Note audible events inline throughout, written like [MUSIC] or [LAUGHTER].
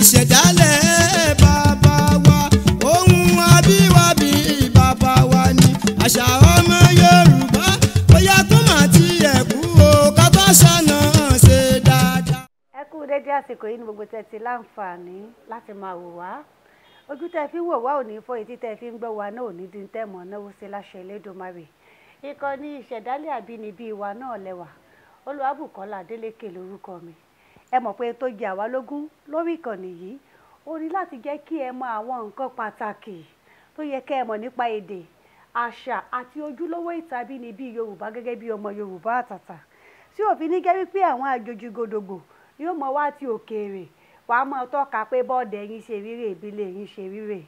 ìṣẹ̀dálẹ̀ bàbá wa ohun abíwábí bàbá wa ni àṣà ọmọ Yorùbá bóyá tó mà ti ẹ̀kú o ká tó ṣàna ṣe dáadáa. ẹ kú dédé àsìkò yìí ni gbogbo tẹ́ ti láǹfààní láti máa wò wá ojú tẹ́ fi wò wá ò ní fọ etí tẹ́ fi ń gbọ́ wa náà ò ní dín tẹ́ mọ̀ náwó sí láṣẹ Elédùmarè ìkànnì ìṣẹ̀dálẹ̀ àbínibí wa náà lẹ́wà Olúwabùkọ́lá Adélékè lórúkọ mi ẹ mọ̀ pé tó jẹ àwa lógún lórí ìkànnì yìí ó ní láti jẹ́ kí ẹ mọ àwọn nǹkan pàtàkì tó yẹ kẹ́ ẹ mọ̀ nípa èdè àṣà àti ojúlówó ìtàbínibí Yorùbá gẹ́gẹ́ bí ọmọ Yorùbá àtàtà tí òfin ní gẹ́rí pé àwọn àjòjì gòdògbò yóò mọ wá ti òkèèrè wàá mọ tọ́ka pé bọ́ọ̀dù ẹ̀yin ṣe rírè ìbílẹ̀ ẹ̀yin ṣe rírè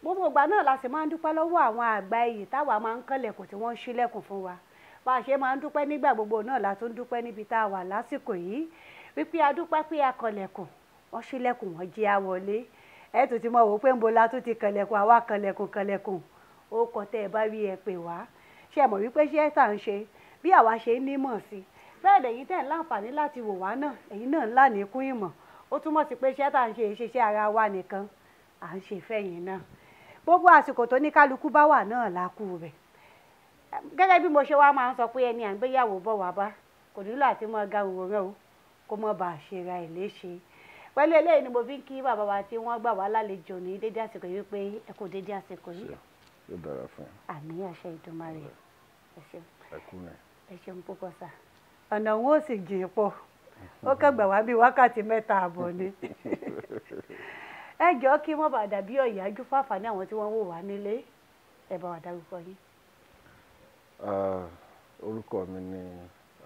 gbogbo ìgbà náà la sì máa ń dúpẹ́ lọ́wọ́ àwọn àgbà iyì táwa máa ń kànlẹ̀kùn tí wọ́n ń ṣílẹ̀kùn fún wa bá a ṣe máa ń dúpẹ́ nígbà gbogbo náà la tún dúpẹ́ níbi tá a wà lásìkò yìí wípé adúpẹ́ pé a kọlẹ̀kùn wọ́n ṣílẹ̀kùn wọ́n jí a wọlé ẹ tó ti mọ̀ wò pé ń bo la tó ti kọlẹ̀kùn àwa kọlẹ̀kùn kọlẹ̀kùn ó kọ tẹ́ ẹ bá rí ẹ pè wá ṣe mọ̀ wípé ṣé ẹ tà ń ṣe bí àwa ṣe ń nímọ̀ sí bẹ́ẹ̀ lẹ́yìn tẹ̀ ń láǹfààní láti wò wá náà ẹ̀yin náà ńlá ní kún ìmọ̀ ó túmọ̀ sí pé ṣé tà ń ṣe ìṣeṣẹ́ ara wa nìkan à ń ṣe fẹ́yìn náà gbogbo àsìkò tó ní kálukú bá wà náà lákù rẹ̀ gẹ́gẹ́ bí mo ṣe wá máa ń sọ pé ẹni à bọ̀ wá bá kò nílò àti mọ́ ga òwòrán o kó mọ̀ bá a ṣe ra ẹ̀ léṣe pẹ̀lú eléyìí ni mo fi ń kí bàbá wa tí wọ́n gbà wá lálejò ní dédé àsìkò yìí pé ẹ kò dédé àsìkò yìí. yóò dára fún un. àmì àṣẹ ìdúnmáre ẹ ṣeun. ẹ kú rẹ. ẹ ṣeun púpọ̀ sà. ọ̀nà òun ò sì jìn pọ̀ ó [LAUGHS] kẹ́gbà wá bíi wákàtí mẹ́ta àbọ̀ ni. [LAUGHS] ẹ jọ̀ọ́ kí wọ́n bá dàbí ọ̀yájú fáfà ní àwọn tí wọ́n wò wá nílé ẹ bá wa dárúkọ yín. Ah, orúkọ mi ni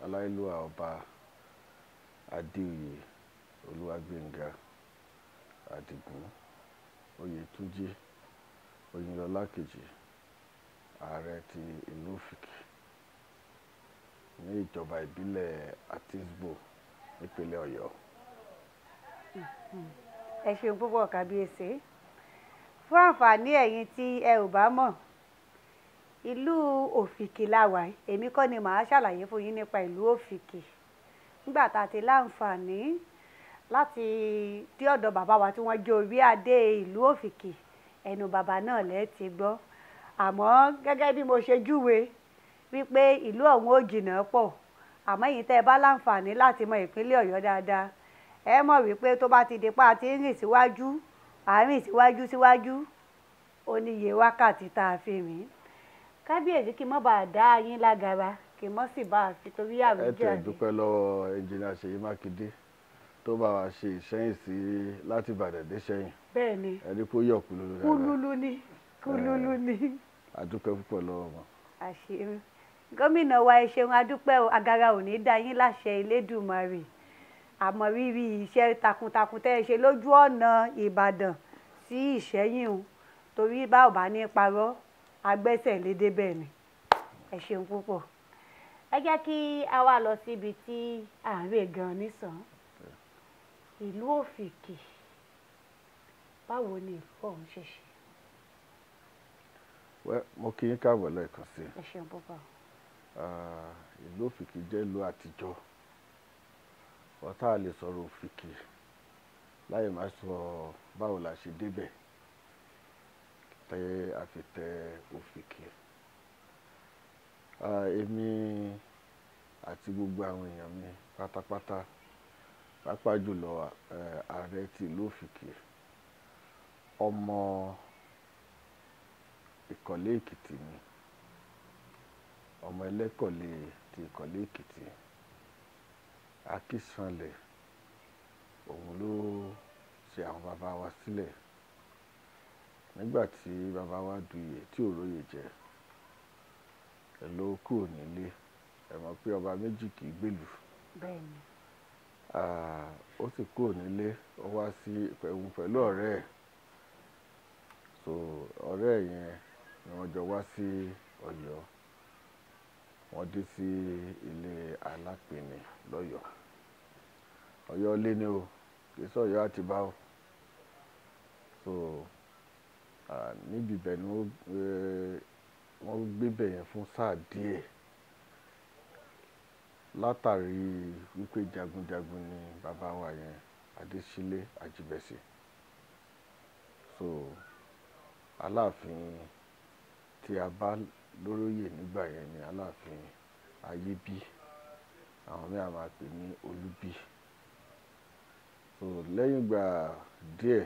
aláìlúwa ọba adéoyè olúwàgbẹ̀ngà adigun oyètúnjí òyìnlọlá kejì ààrẹ ti ìlú òfìkì ní ìjọba ìbílẹ̀ atisbo nípínlẹ̀ ọ̀yọ́. ẹ ṣeun púpọ̀ kábíyèsí fún àǹfààní ẹ̀yin tí ẹ ò bá mọ̀ ìlú òfìkì la wà èmi kọ́ ni màá ṣàlàyé fún yín nípa ìlú òfìkì nígbà tá a ti láǹfààní láti dé ọ̀dọ̀ bàbá wa tí wọ́n jẹ́ orí adé ìlú òfìkì ẹnu bàbá náà lẹ́ ti gbọ́ àmọ́ gẹ́gẹ́ bí mo ṣe júwe wípé ìlú ọ̀hún ò jìnnà pọ̀ àmọ́ èyí tẹ́ ẹ bá láǹfààní láti mọ ìpínlẹ̀ ọ̀yọ́ dáadáa ẹ mọ̀ wípé tó bá ti di pa àti rìn síwájú àárín síwájú síwájú ó wákàtí tá a fi rìn kábíyèsí kí n bàa dá yín lágara kì í mọ́ sì bá a fi torí àrùn jẹ́ àdé. ẹ tẹ̀ dúpẹ́ lọ́wọ́ ẹnjìnìà Ṣèyí Mákindé tó bá wa ṣe ìṣẹ́yìn sí láti Ìbàdàn dé ṣẹ́yìn. bẹ́ẹ̀ ni ẹni kó yọ̀ kúlúlú dáadáa kúlúlú ni kúlúlú ni. àdúpẹ́ púpọ̀ lọ́wọ́ wọn. àṣírí gómìnà wa ẹ ṣeun adúpẹ́ agara ò ní dá yín láṣẹ Elédùmarè àmọ́ rírì iṣẹ́ takuntakun tẹ́ ẹ ṣe lójú ọ̀nà Ìbàdàn sí Ìṣẹ́yìn o torí bá ò bá ní parọ́ agbẹ́sẹ̀ lédè bẹ́ẹ̀ ni ẹ ṣeun púpọ̀ ẹ jẹ́ kí a wá lọ síbi tí àárẹ̀ gan nísàn ìlú òfìkì báwo ni ìlú ọ̀hún ṣe ṣe. mo kí yín káàbọ̀ lẹ́ẹ̀kan sí i. ẹ ṣeun púpọ̀. ìlú òfìkì jẹ́ ìlú àtijọ́ ọ̀tá lè sọ̀rọ̀ òfìkì láì má sọ báwo la ṣe débẹ̀ tẹ́ a fi tẹ òfìkì èmi àti gbogbo àwọn èèyàn mi pátápátá pàápàá jùlọ ààrẹ ti ìlú òfìkì ọmọ ìkọ̀lé èkìtì ni ọmọ ẹlẹ́kọ̀lé ti ìkọ̀lé èkìtì akísanlẹ̀ òun ló ṣe àwọn bàbá wa sílẹ̀ nígbà tí bàbá wa duyè tí òróyè jẹ́ ló kúrò nílé pé ọba méjì kì í gbèlú ó sì si nílé ó wá sí pẹ̀lú ọ̀rẹ́ ẹ̀ so ọ̀rẹ́ ẹ̀ yẹn ni wọ́n jọ wá sí ọ̀yọ́ wọ́n dé sí ilé alápèní lọ́yọ̀ọ́ ọ̀yọ́ o kì so níbi ni wọ́n gbébẹ̀ yẹn fún sáà díẹ̀ látàrí wípé jagunjagun ni bàbá wa yẹn Adésílé Àjíbẹ̀sí so aláàfin tí a bá lóróyè nígbà yẹn ni aláàfin ayébí àwọn mẹ́ta máa pè ní olúbí so lẹ́yìn ìgbà díẹ̀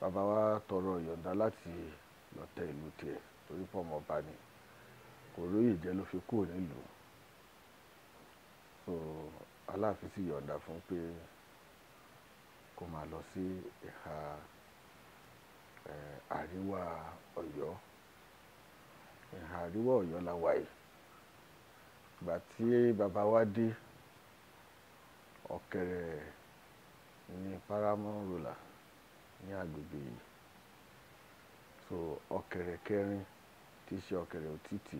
bàbá wa tọrọ ìyọ̀ǹda láti lọ ìlú tiẹ̀ torí pọ̀ mọ́ ọba ni kò róyè jẹ́ ló fi kúrò nílùú so aláàfin sì yọ̀ǹda fún pé kó máa lọ sí ìhà àríwá ọ̀yọ́ ìhà àríwá ọ̀yọ́ la wà yìí ìgbà tí bàbá wa dé ọ̀kẹ́rẹ́ ní paramount ruler ní agbègbè yìí so ọ̀kẹ́rẹ́ kẹrin kì ṣe ọ̀kẹ̀rẹ̀ òtítì.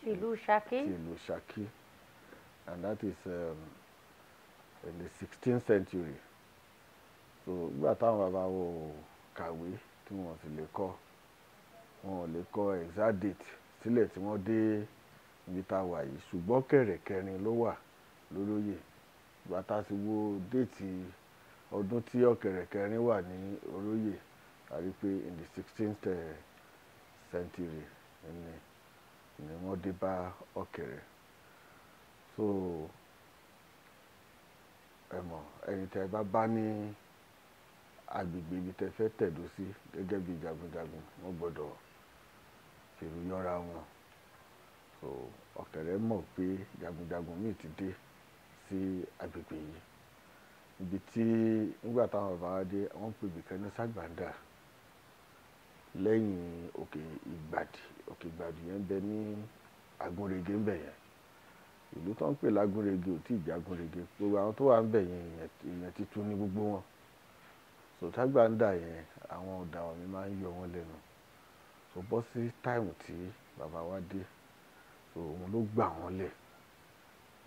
tìlú Ṣakí. tìlú Ṣakí and that is um, in the sixteenth century so nígbà táwọn bàbá wo kàwé tí wọn sì lè kọ wọn ò lè kọ exact date sílẹ̀ tí wọ́n dé ibi tá a wà yìí ṣùgbọ́n kẹ̀rẹ̀ kẹrin ló wà lólóyè ìgbà tá a sì wo déètì ọdún tí ọ̀kẹ̀rẹ̀ kẹrin wà ní olóyè àrí pé in the sixteenth eh, century ni ni wọ́n dé bá ọ̀kẹ́rẹ́ so ẹ mọ̀ ẹni tẹ́ bá bá ní agbègbè ibi tẹ́ fẹ́ tẹ̀dó sí gẹ́gẹ́ bí jagunjagun wọ́n gbọ́dọ̀ fèrè yọra wọn so ọ̀kẹ́rẹ́ mọ̀ pé jagunjagun míì ti dé si agbègbè yìí ibi tí nígbà táwọn bàbá wa dé wọ́n pè bìkan ní sàgbàǹdà lẹ́yìn òkè ìgbàdì òkè gbàdú yẹn ń bẹ ní agúnrege ń bẹ yẹn ìlú tó ń pè lágúnrege ò tí ì jẹ́ agúnrege gbogbo àwọn tó wà ń bẹ yẹn ìyẹn titun ní gbogbo wọn sòtágbà ń dà yẹn àwọn ọ̀daràn mi máa ń yọ wọn lẹ́nu so bọ́ sí táìmù tí bàbá wa dé so òun ló gbà wọ́n lẹ̀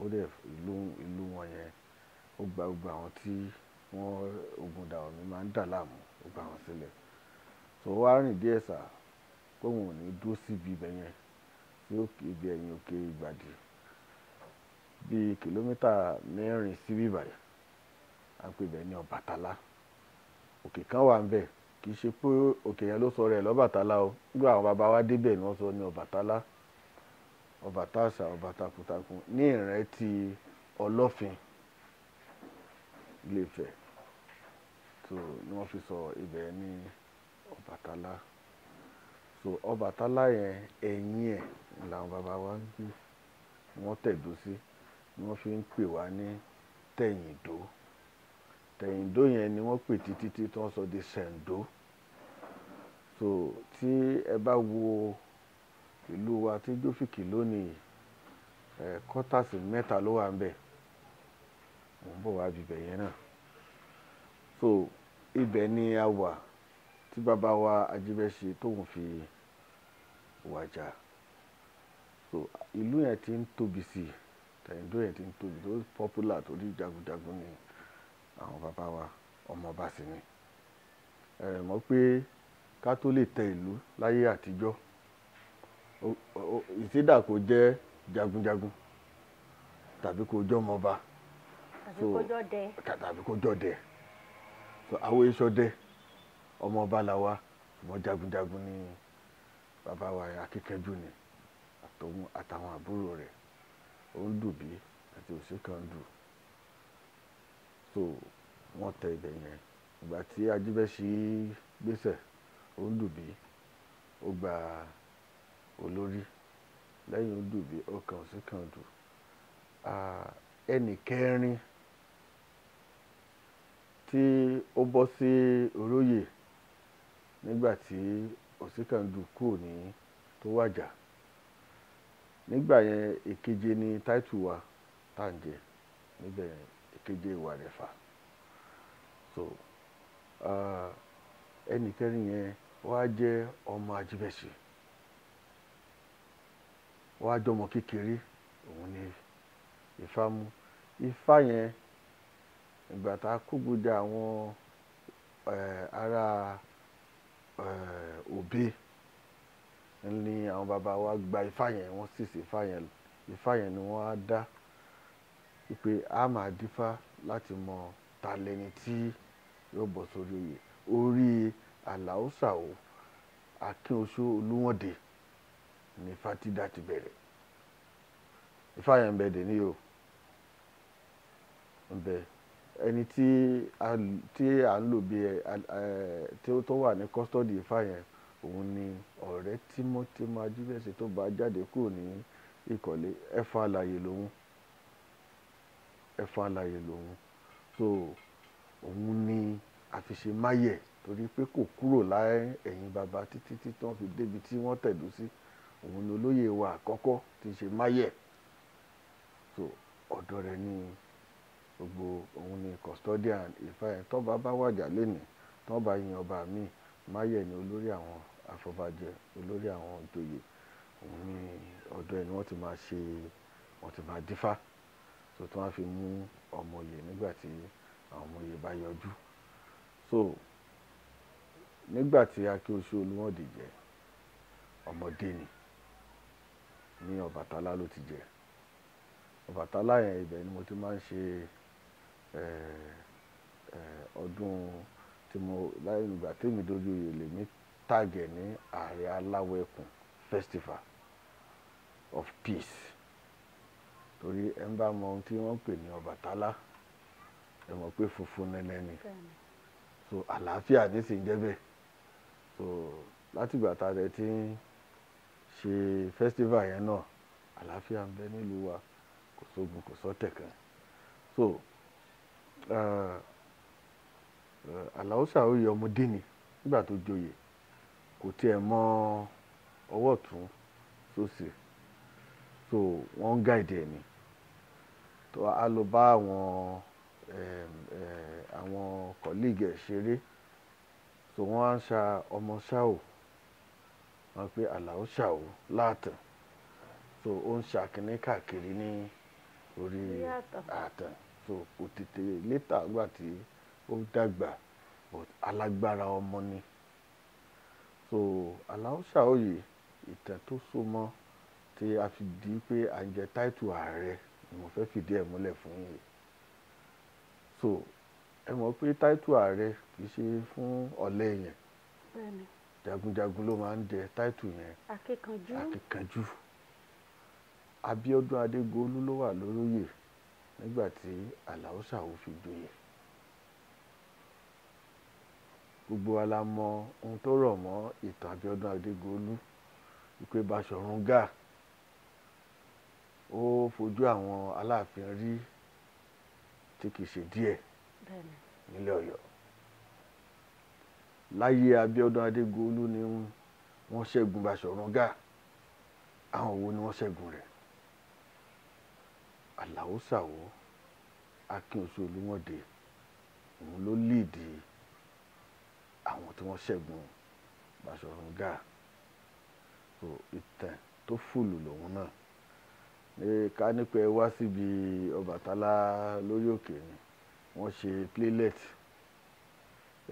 ó dẹ̀ ìlú ìlú wọn yẹn ó gba gbogbo àwọn tí wọ́n ogun dàwọn mi máa ń dà láàmú ó gbà wọ́n sílẹ̀ so wá rìn díẹ̀ sáà kóun ò ní dúró síbi ibẹ̀ yẹn sí òkè ibi ẹ̀yìn òkè ìgbàdì bíi kìlómítà mẹ́rin sí bíbàyà à ń pè bẹ́ẹ̀ ní ọ̀bàtálá òkè kan wà ń bẹ̀ kì í ṣe pé òkè yẹn ló sọ rẹ̀ lọ́bàtálá o nígbà àwọn bàbá wa débẹ̀ ni wọ́n sọ ní ọ̀bàtálá ọba táàṣà ọba takuntakun ní ìrántí ọlọ́fin Ilé-Ifẹ̀ tó ni wọ́n fi sọ ibẹ̀ ní Ọbàtálá. So, so Ọbàtálá yẹn ẹ̀yìn ẹ̀ làwọn bàbá wa ń gbé wọ́n tẹ̀dó sí ni wọ́n fi ń pè wá ní tẹ̀yìndó tẹ̀yìndó yẹn ni wọ́n pè títí tí wọ́n sọ di sẹ̀ǹdó so tí ẹ bá wo ìlú wa tí jófìkì lónìí ẹ kọ́tàsì mẹ́ta ló wà ń bẹ̀ mò ń bọ̀ wá bíbẹ̀ yẹn náà so ibẹ̀ ni a wà tí bàbá wa Ajíbẹ́ṣe tóun fi wájà so ìlú yẹn ti ń tóbi sí i Tẹ̀yìndó yẹn ti ń tóbi tó popular torí jagunjagun ni àwọn bàbá wa ọmọọba sì ni ẹ̀rẹ̀ mọ́ pé ká tó lè tẹ ìlú láyé àtijọ́ ìsídà kò jẹ́ jagunjagun tàbí kò jọ́ ọmọọba tàbí kò jọ́ dẹ̀ so àwọn èso dẹ̀ ọmọọba làwa ṣùgbọ́n jagunjagun ni. So, Baba wa akíkanjú ni àtọ̀hún àtàwọn àbúrò rẹ̀ ó ń dùbí àti òsínkàndù so wọ́n tẹ ibẹ̀ yẹn ìgbà tí ajíbẹ́sí gbèsè ó ń dùbí ó gba olórí lẹ́yìn ó dùbí ó kàn òsínkàndù ẹnì kẹrin tí ó bọ́ sí oróyè nígbà tí ọ̀sìnkàndù kúrò ní tó wàjà nígbà yẹn èkeje ni táìtù wa tá à ń jẹ níbẹ̀ èkeje ìwà rẹ̀ fà so ẹnìkẹ́rin yẹn wá jẹ́ ọmọ ajíbẹ̀sì wá jọmọ kékeré òun ni Ifá mú Ifá yẹn ìgbà tá a kó gbọdọ̀ àwọn ará. Uh, Eh, òbí ni àwọn bàbá wa gba ifá yẹn wọ́n sì sí ifá yẹn ifá yẹn ni wọ́n á dá pé a máa dífá láti mọ ta lẹni tí yóò bọ̀ sórí oyè orí àlàósà o akínoṣó olúwọ̀dé ni fatida ti bẹ̀rẹ̀ ifá yẹn ń ní o ń ẹni tí à ń lò bí tí ó tó wà ní custody ifá yẹn òun ni ọ̀rẹ́ tímọ́tímọ́ ajíbẹ̀sẹ̀ tó bá jáde kúrò ní ìkọ̀lé ẹ̀fà àlàyé lòun ẹ̀fà àlàyé lòun so òun ni àfiṣe máyẹ̀ torí pé kò kúrò láyé ẹ̀yìn bàbá títí tí wọ́n fi débi tí wọ́n tẹ̀dó sí òun ni olóyè wa àkọ́kọ́ ti ṣe máyẹ̀ so ọ̀dọ̀ rẹ̀ ni gbogbo òun ni custodian ìfà ẹ̀ tọ́ba bá wàjà lénìí tọ́ba yin ọba mi máyẹ̀ ni olórí àwọn afọbajẹ olórí àwọn ìjòyè òun ni ọ̀dọ̀ ẹ̀ ni wọ́n ti máa ṣe wọ́n ti máa dífá tó tí wọ́n á fi mú ọmọ yè nígbà tí àwọn ọmọ yè bá yọjú so nígbà tí akíọ̀ṣù olúmọ̀dì jẹ ọmọdé ni ní ọbàtálá ló ti jẹ ọbàtálá yẹn ibẹ̀ ni mo ti máa ń ṣe. Eh, eh, ọdún tí mo láyé ìgbà tèmi dojú ìyèlè mi tàgẹ̀ ní ààrẹ aláwọ̀ ẹkùn festival of peace torí ẹ ń bá mọ ohun tí wọ́n ń pè ní Ọbàtálá ẹ mọ̀ pé funfun nẹ́nẹ́ ni so àlàáfíà ní sì ń jẹ́ bẹ́ẹ̀ so látìgbà tá a rẹ̀ ti ń ṣe festival yẹn náà àlàáfíà ń bẹ nílùú wa kò sógun kò sọ́tẹ̀ kan so. Àlàó ah, ah, Sàárè ọmọdé ni nígbà tó joyè kò tiẹ̀ mọ ọwọ́ ọ̀tún sósì so wọ́n ń gáìdì ẹ̀ ni tó a lọ bá àwọn eh, àwọn kọ̀líìgì ẹ̀ ṣeré so wọ́n á ń ṣa ọmọ ṣáò wọ́n pe Àlàó ṣàò láàtàn so ó ń ṣàkíní káàkiri ní orí àtàn so kò tètè létà gbà tí ó dàgbà but alágbára ọmọ ni so aláùsà òye ìtàn tó so mọ́ tí a fi di pé à ń jẹ táìtù ààrẹ ni mo fẹ́ fìdí ẹ̀ múlẹ̀ fún yìí so ẹ mọ̀ pé táìtù ààrẹ kì í ṣe fún ọ̀lẹ yẹn jagunjagun ló máa ń jẹ táìtù yẹn akíkanjú akíkanjú Abíọ́dún Adégolú ló wà lóróyè nígbà tí Àlàó Sàó fi joyè gbogbo wa la mọ ohun tó rọ̀ mọ́ ìtàn Abíọ́dún Adégolú wípé Baṣọ̀run Gáà ó fojú àwọn aláàfin rí tí kìí ṣe díẹ̀ nílé Ọ̀yọ́ láyé Abíọ́dún Adégolú ni wọ́n ṣẹ́gun Baṣọ̀run Gáà àwọn wo ni wọ́n ṣẹ́gun rẹ̀ Àlàó Sàwó Akínwùsù Olúmọ̀dé òun ló líìdì àwọn tí wọ́n ṣẹ́gun Baṣọ̀run so ìtàn tó fùlù lòun náà ní ká nípa ẹ wá síbi Ọbàtálá lórí òkè ni wọ́n ṣe playlet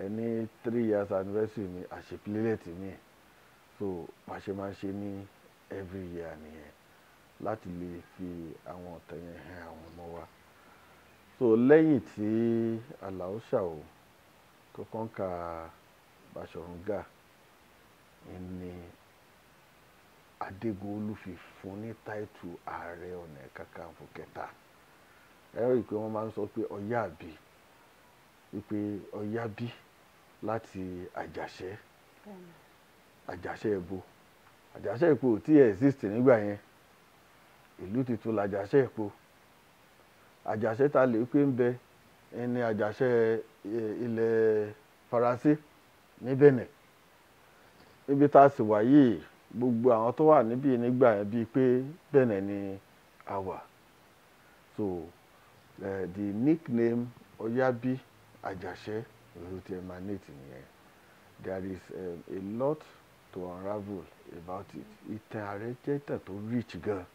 ẹni three years anniversary ni àṣe playlet mi so bá ṣe máa ṣe ní every year nìyẹn láti lè fi àwọn ọ̀tẹ̀ yẹn hàn àwọn ọmọ wa so lẹ́yìn tí Alao Shao tó kọ́ńkà Baṣọ̀run Gáà ni Adégolú fi fún ní táìtù ààrẹ ọ̀nà kakanfò kẹta ẹ rí i pé wọ́n máa ń sọ pé ọ̀yá àbí wípé ọ̀yá bí láti àjàṣẹ́ àjàṣẹ́ ẹ̀bọ àjàṣẹ́ ìpò tí ẹ̀ exist nígbà yẹn ìlú tuntun làjàṣẹ epo àjàṣẹ ta lè pé ń bẹ ẹni àjàṣẹ ilẹ̀ faransé ní benin níbi tá a sì wà yìí gbogbo àwọn tó wà níbí nígbà yẹn bíi pé benin ni a wà so uh, the nickname oyabi àjàṣẹ ló ti emanate nìyẹn there is um, a lot to unravel about it ìtàn ààrẹ jẹ́ ìtàn tó rich gan-an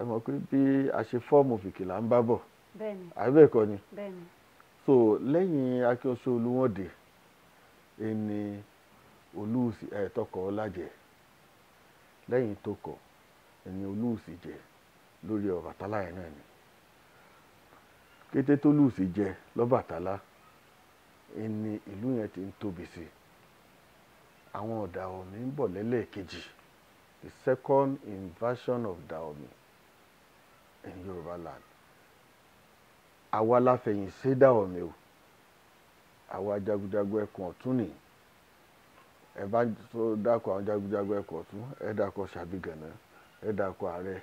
ẹ mọ̀ pé bí a ṣe fọ́ọ̀mù fìkìlà ń bá bọ̀ àbẹ́ẹ̀kọ́ ni so lẹ́yìn akínṣe olúwọ̀dé ẹni olùsì ẹ̀ tọkọ ọlájẹ lẹ́yìn tọkọ ẹni olùsì jẹ lórí ọbàtálá yẹn náà ni kété tó lùsì jẹ lọ́bàtálá ẹni ìlú yẹn ti ń tóbi sí àwọn ọ̀dà omi ń bọ̀ lẹ́lẹ́ẹ̀kejì the second invasion of Daomi in Yorùbá land àwa la fẹ̀yìn ṣe dà ọ̀mì o àwa jagunjagun ẹkùn ọ̀tún nìyí ẹ bá tó dákọ̀ àwọn jagunjagun ẹkùn ọ̀tún ẹ dákọ̀ ṣàbígànà ẹ dákọ̀ ààrẹ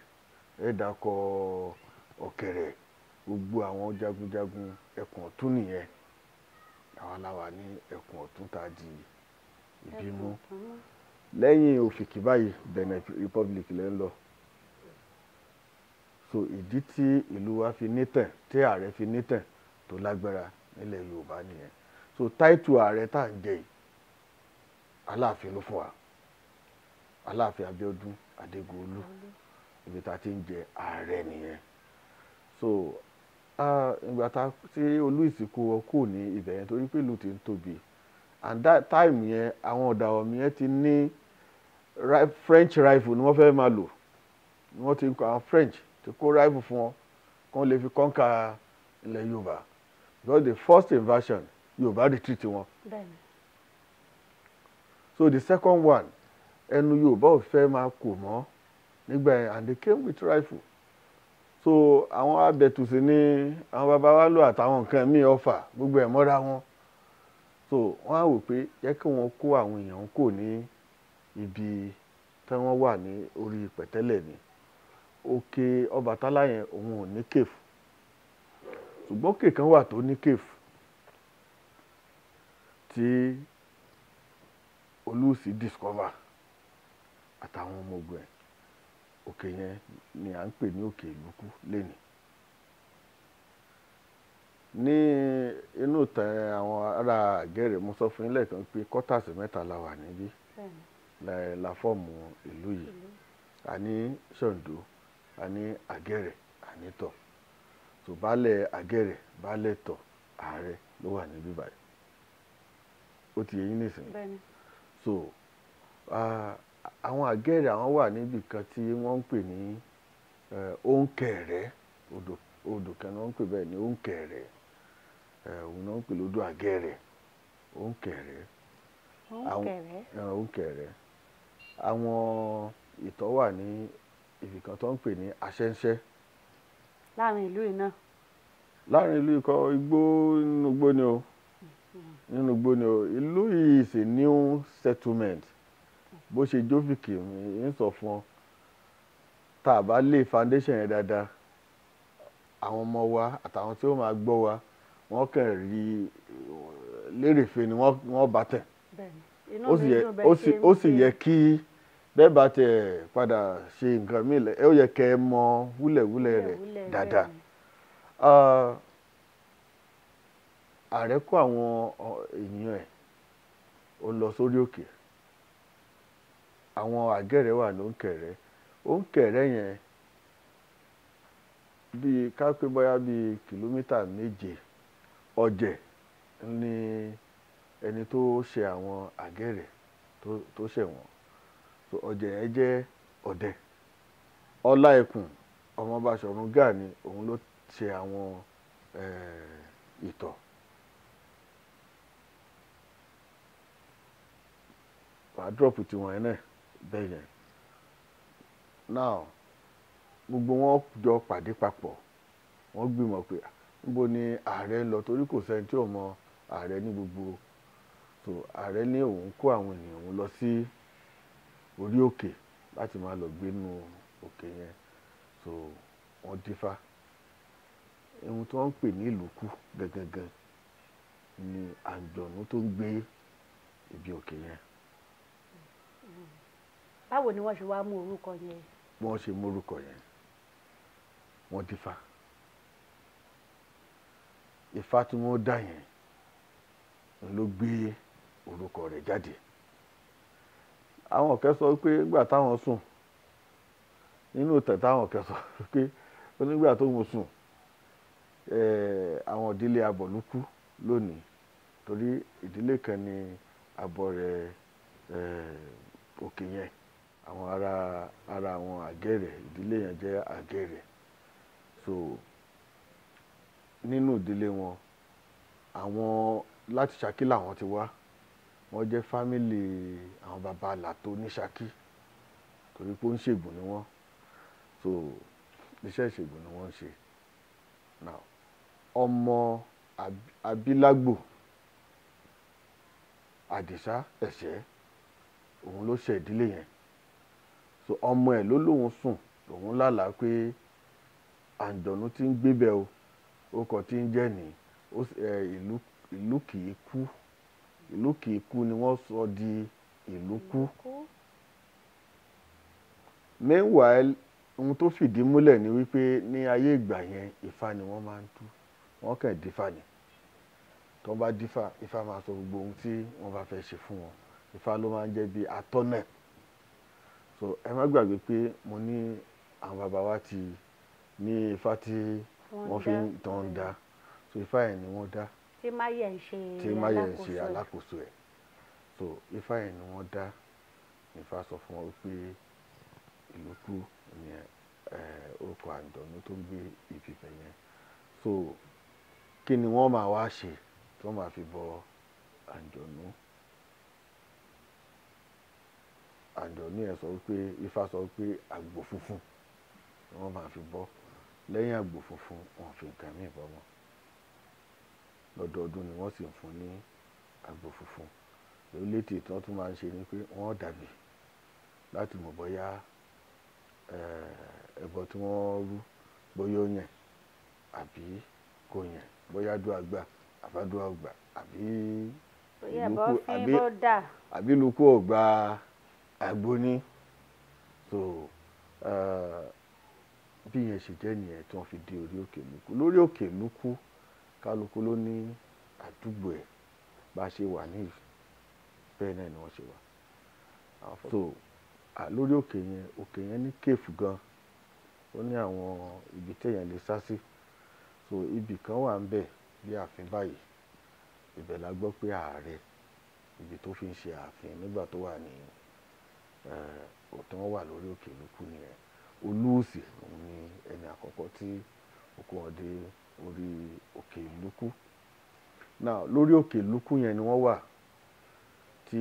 ẹ dákọ̀ ọ̀kẹ̀rẹ̀ gbogbo àwọn jagunjagun ẹkùn ọ̀tún nìyẹn àwa la ní ẹkùn ọ̀tún tá a di ìbímú lẹ́yìn òfìkì báyìí Benin Republic lẹ́ ń lọ so ìdí tí ìlú wa fi nítẹ̀ tí ààrẹ fi nítẹ̀ tó lágbára nílẹ̀ yorùbá nìyẹn so táìtù ààrẹ tá à ń jẹ yìí aláàfin ló fún wa aláàfin abíọ́dún adégolú ibi tá a ti ń jẹ ààrẹ nìyẹn so ìgbà tá tí olú ìsìnkú wọn kò ní ibẹ̀ yẹn torí pé ìlú ti ń tóbi and that time yẹn àwọn ọ̀dàwọ̀mí yẹn ti ní french rifle ni wọ́n fẹ́ máa lò ni wọ́n ti ń kọ́ àwọn french tí kó rival fún wọn kán lè fi kọ́ńkà ilẹ̀ yorùbá because the first invasion yorùbá retreat wọn so the second one ẹnu yorùbá ò fẹ́ máa kò mọ́ nígbà yẹn and they came with rifle so àwọn abẹ̀tùsí ní àwọn baba wa lò àtàwọn nǹkan míì ọ̀fà gbogbo ẹ̀ mọ́ra wọn so wọ́n á wò pé yẹ kí wọ́n kó àwọn èèyàn kò ní ibi tí wọ́n wà ní orí pẹ̀tẹ́lẹ̀ ni òkè Ọbàtálá yẹn òun ò ní cave ṣùgbọ́n òkè kan wà tó ní cave tí Olùsì discover àtàwọn ọmọ ogun ẹ̀ òkè yẹn ni à ń pè ní òkè Ìlúkù lẹ́nìí ní inú ìtàn àwọn ará àgẹ́rẹ̀ mo sọ fún yín lẹ́ẹ̀kan pé kọ́tàsì mẹ́ta la wà níbí la fọ́ọ̀mù ìlú yìí a ní Ṣàǹdó ani agere àgẹ̀rẹ̀ ànítọ̀ tó baálẹ̀ agere baálẹ̀ tọ̀ ààrẹ ló wà níbí báyìí ó ti yé yín nísìnyí so àwọn àgẹ̀rẹ̀ àwọn wà níbì kan tí wọ́n ń pè ní òǹkẹ̀rẹ̀ odò kan ni wọ́n ń pè bẹ́ẹ̀ ní òǹkẹ̀rẹ̀ òun náà ń pè lódò àgẹ̀rẹ̀ òǹkẹ̀rẹ̀ òǹkẹ̀rẹ̀ àwọn ìtọ̀ wà ní ibìkan tó ń pè ní aṣẹ́ńṣẹ́. láàrin ìlú yìí náà. láàrin ìlú ikọ̀ igbó nínú igbó ni o nínú igbó ni o ìlú yìí is a new settlement bó ṣe jófìkì ń sọ fún ọ tá a bá lé foundation yẹn dáadáa àwọn ọmọ wa àtàwọn tí ó máa gbọ́ wa wọ́n kàn rí lérèfé ni wọ́n bá tẹ̀ ó sì yẹ kí. bẹ́ẹ̀ tẹ tẹ̀ padà ṣe nǹkan mi lẹ̀ ẹ ó yẹ kẹ́ ẹ mọ wúlẹ̀wúlẹ̀ rẹ̀ dáadáa ààrẹ kó àwọn ènìyàn ẹ̀ ó lọ sórí òkè àwọn àgẹ́rẹ́ wà ló ń kẹ̀rẹ́ ó ń kẹ̀rẹ́ yẹn bíi kápé bóyá bíi kìlómítà méje ọ̀jẹ̀ ni ẹni tó ṣe àwọn àgẹ́rẹ́ tó ṣe wọ́n so ọjà yẹn jẹ́ ọdẹ ọlá ẹkùn ọmọ Baṣọ̀run Gáà ni òun ló ṣe àwọn eh, ìtọ̀ wàá dọ́ọ̀pù tiwọn yẹn náà bẹ́ẹ̀ now gbogbo wọn jọ pàdé papọ̀ wọn gbìmọ̀ pé níbo ni ààrẹ lọ torí kò sẹ́ni tí ò mọ ààrẹ ní gbogbo so ààrẹ ní òun kó àwọn ènìyàn òun lọ sí. Si, orí òkè láti máa lọ gbénu òkè yẹn so wọ́n dífá ohun tí wọ́n ń pè ní ìlùkù gangan ni àjọ̀nú tó ń gbé ibi òkè yẹn. báwo ni wọ́n ṣe wá mú orúkọ yẹn. bí wọ́n ṣe mú orúkọ yẹn wọ́n dífá ifá tí wọ́n dá yẹn ló gbé orúkọ rẹ̀ jáde àwọn kẹ́ sọ pé nígbà táwọn sùn nínú ìtàn táwọn kẹ́ sọ [LAUGHS] pé onígbà tó mo sùn àwọn ìdílé abọ̀ ló kú lónìí torí ìdílé kan ni abọ̀ rẹ̀ òkè yẹn àwọn ará ará àwọn àgẹ̀rẹ̀ ìdílé yẹn jẹ́ àgẹ̀rẹ̀ so nínú ìdílé wọn àwọn láti Ṣakí làwọn ti wá wọ́n jẹ́ fámìlì àwọn baba Làtó ní Ṣakí torí pé ó ń ṣègùn ni wọ́n so iṣẹ́ ìṣègùn ni wọ́n ń ṣe now ọmọ abilágbò àdìsá ẹ̀ṣẹ́ òun ló ṣe ìdílé yẹn so ọmọ ẹ̀ ló lóun sùn lòun lálàá pé àǹjọ̀nú ti ń gbébẹ̀ o ó kọ tí ń jẹ́ ní ìlú kì kú ìlú kìí kú ni wọ́n sọ di ìlú kú. meanwhile ohun tó fìdí múlẹ̀ ni wípé ní ayé ìgbà yẹn Ifá ni wọ́n máa ń tú wọ́n kàn dífá ni tó bá dífá Ifá máa sọ gbogbo ohun tí wọ́n bá fẹ́ ṣe fún wọn Ifá ló máa ń jẹ́ bí atọ́nà so ẹ má gbàgbé pé mo ní àwọn bàbá wa ti ní Ifá tí wọ́n fi ń tàn dá so Ifá yẹn ni wọ́n dá tí máyẹ̀ ń ṣe tí máyẹ̀ ń ṣe alákòóso ẹ̀ so ifá yẹn ni wọ́n dá nífa sọ fún wọn pé ìlú kú ní orúkọ àǹdọ̀nù tó ń gbé ìfìfẹ́ yẹn so kí ni wọ́n máa wá ṣe tí wọ́n máa fi bọ àǹdọ̀nù àǹdọ̀nù yẹn sọ pé ifá sọ pé àgbò funfun ni wọ́n máa fi bọ́ lẹ́yìn àgbò funfun wọn fi nǹkan mìíràn bọ́ wọn lọ́dọọdún ni wọ́n sì ń fún ní àgbò funfun lórílẹ̀èdè tí wọ́n tún máa ń ṣe ni pé wọ́n dàbí láti mọ̀ bóyá ẹbọ tí wọ́n rú bóyá ó yẹn àbí kò yẹn bóyá dúà gbà àbádúà gbà àbí àbí lukú ò gba àgbo ní so bí yẹn ṣe jẹ́ nìyẹn tí wọ́n fi dé orí òkè lukú lórí òkè lukú kálukú ló ní àdúgbò ẹ̀ bá a ṣe wà ní bẹ́ẹ̀ náà ni wọ́n ṣe wà so lórí òkè yẹn òkè yẹn ní kéèfù gan ó ní àwọn ibi téèyàn lè sá sí so ibì kan wà ń bẹ̀ bí ààfin báyìí ibẹ̀ la gbọ́ pé ààrẹ ibi tó fi ń ṣe ààfin nígbà tó wà ní ọ̀tún wà lórí òkè lókù nìyẹn olúùsì òun ni ẹni àkọ́kọ́ tí òkú wọn orí òkè ìlúkú now lórí òkè ìlúkú yẹn ni wọ́n wà tí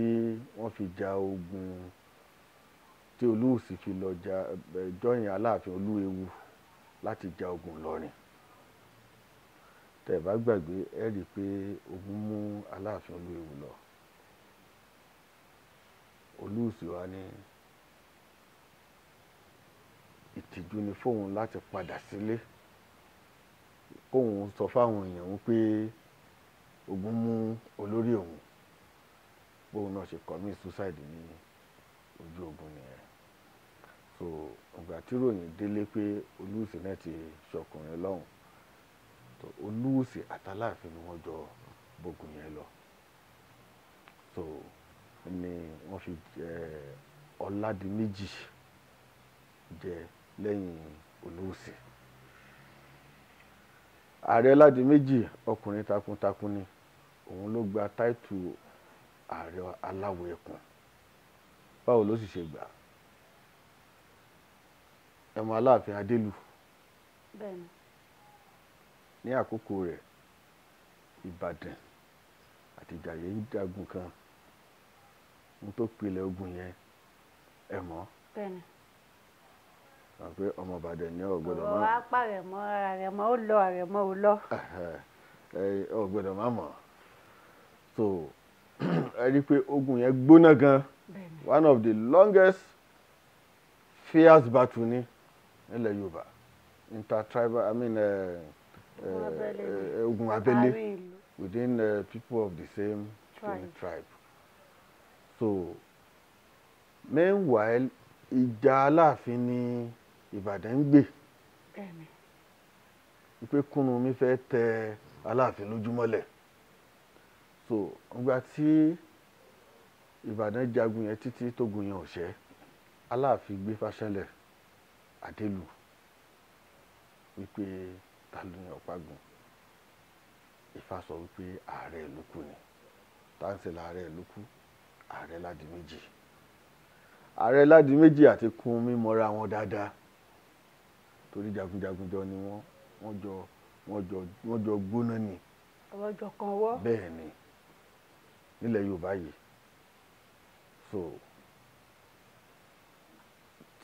wọ́n fi ja ogun tí olúùsì fi lọ ja jọyìn aláàfin olúwewu láti ja ogun lọrin tẹ̀ bá gbàgbé ẹ rí i pé ogun mú aláàfin olúwewu lọ olúùsì wa ní ìtìjú ni fóun láti padà sílé. Si kóun sọ fáwọn èèyàn wípé ogun mú olórí òun bóun náà ṣe commit suicide ní ojú ogun nìyẹn so ìgbà tí ròyìn délé pé olùsìn náà ti ṣọkùnrin lọ́hùn tó olùsìn àtàláàfin ni wọ́n jọ bógun yẹn lọ so ni wọ́n fi ọ̀làdìmẹ́jì jẹ lẹ́yìn olùsìn ààrẹ Ládìméjì ọkùnrin takuntakun ni òun ló gba táìtù ààrẹ aláwọ̀ ẹkùn báwo ló sì ṣe gbà ẹ mọ̀ aláàfin adélu ní àkókò rẹ̀ ìbàdàn àti ìjàyè ń jagun kan ní tó pilẹ̀ ogun yẹn ẹ àpé ọmọ ìbàdàn ni ọ gbọ́dọ̀ máa. ọ̀rọ̀ apá rẹ̀ mọ́ ara rẹ̀ mọ́ ó lọ rẹ̀ mọ́ ó lọ. ọ [LAUGHS] gbọ́dọ̀ máa mọ̀ so [CLEARS THROAT] ẹ rí i pé ogun yẹn gbóná gan one of the longest fierce battle ni nílẹ̀ yorùbá intertribal i mean eh, eh, ogun abẹ́lé eh, within uh, people of the same tribe. tribe so meanwhile ìjà aláàfin ni ìbàdàn ń gbè wípé kúnnú mi fẹ́ tẹ aláàfin lójúmọ́lẹ̀ so ìgbà tí ìbàdàn jagun yẹn títí tógun yẹn ò ṣẹ́ aláàfin gbé fàṣẹlẹ̀ àdélù wípé ta ló ní ọ̀págun Ifá sọ wípé ààrẹ ìlú kù ni táǹsìlà ààrẹ ìlú kù ààrẹ Ládìméjì ààrẹ Ládìméjì àti Kúrúnmí mọ́ra wọn dáadáa torí jagunjagun jọ ni wọ́n wọ́n jọ wọ́n jọ wọ́n jọ gbóná ni. ọ̀rọ̀ jọ kan wọ́. bẹ́ẹ̀ ni nílẹ̀ yorùbá yìí so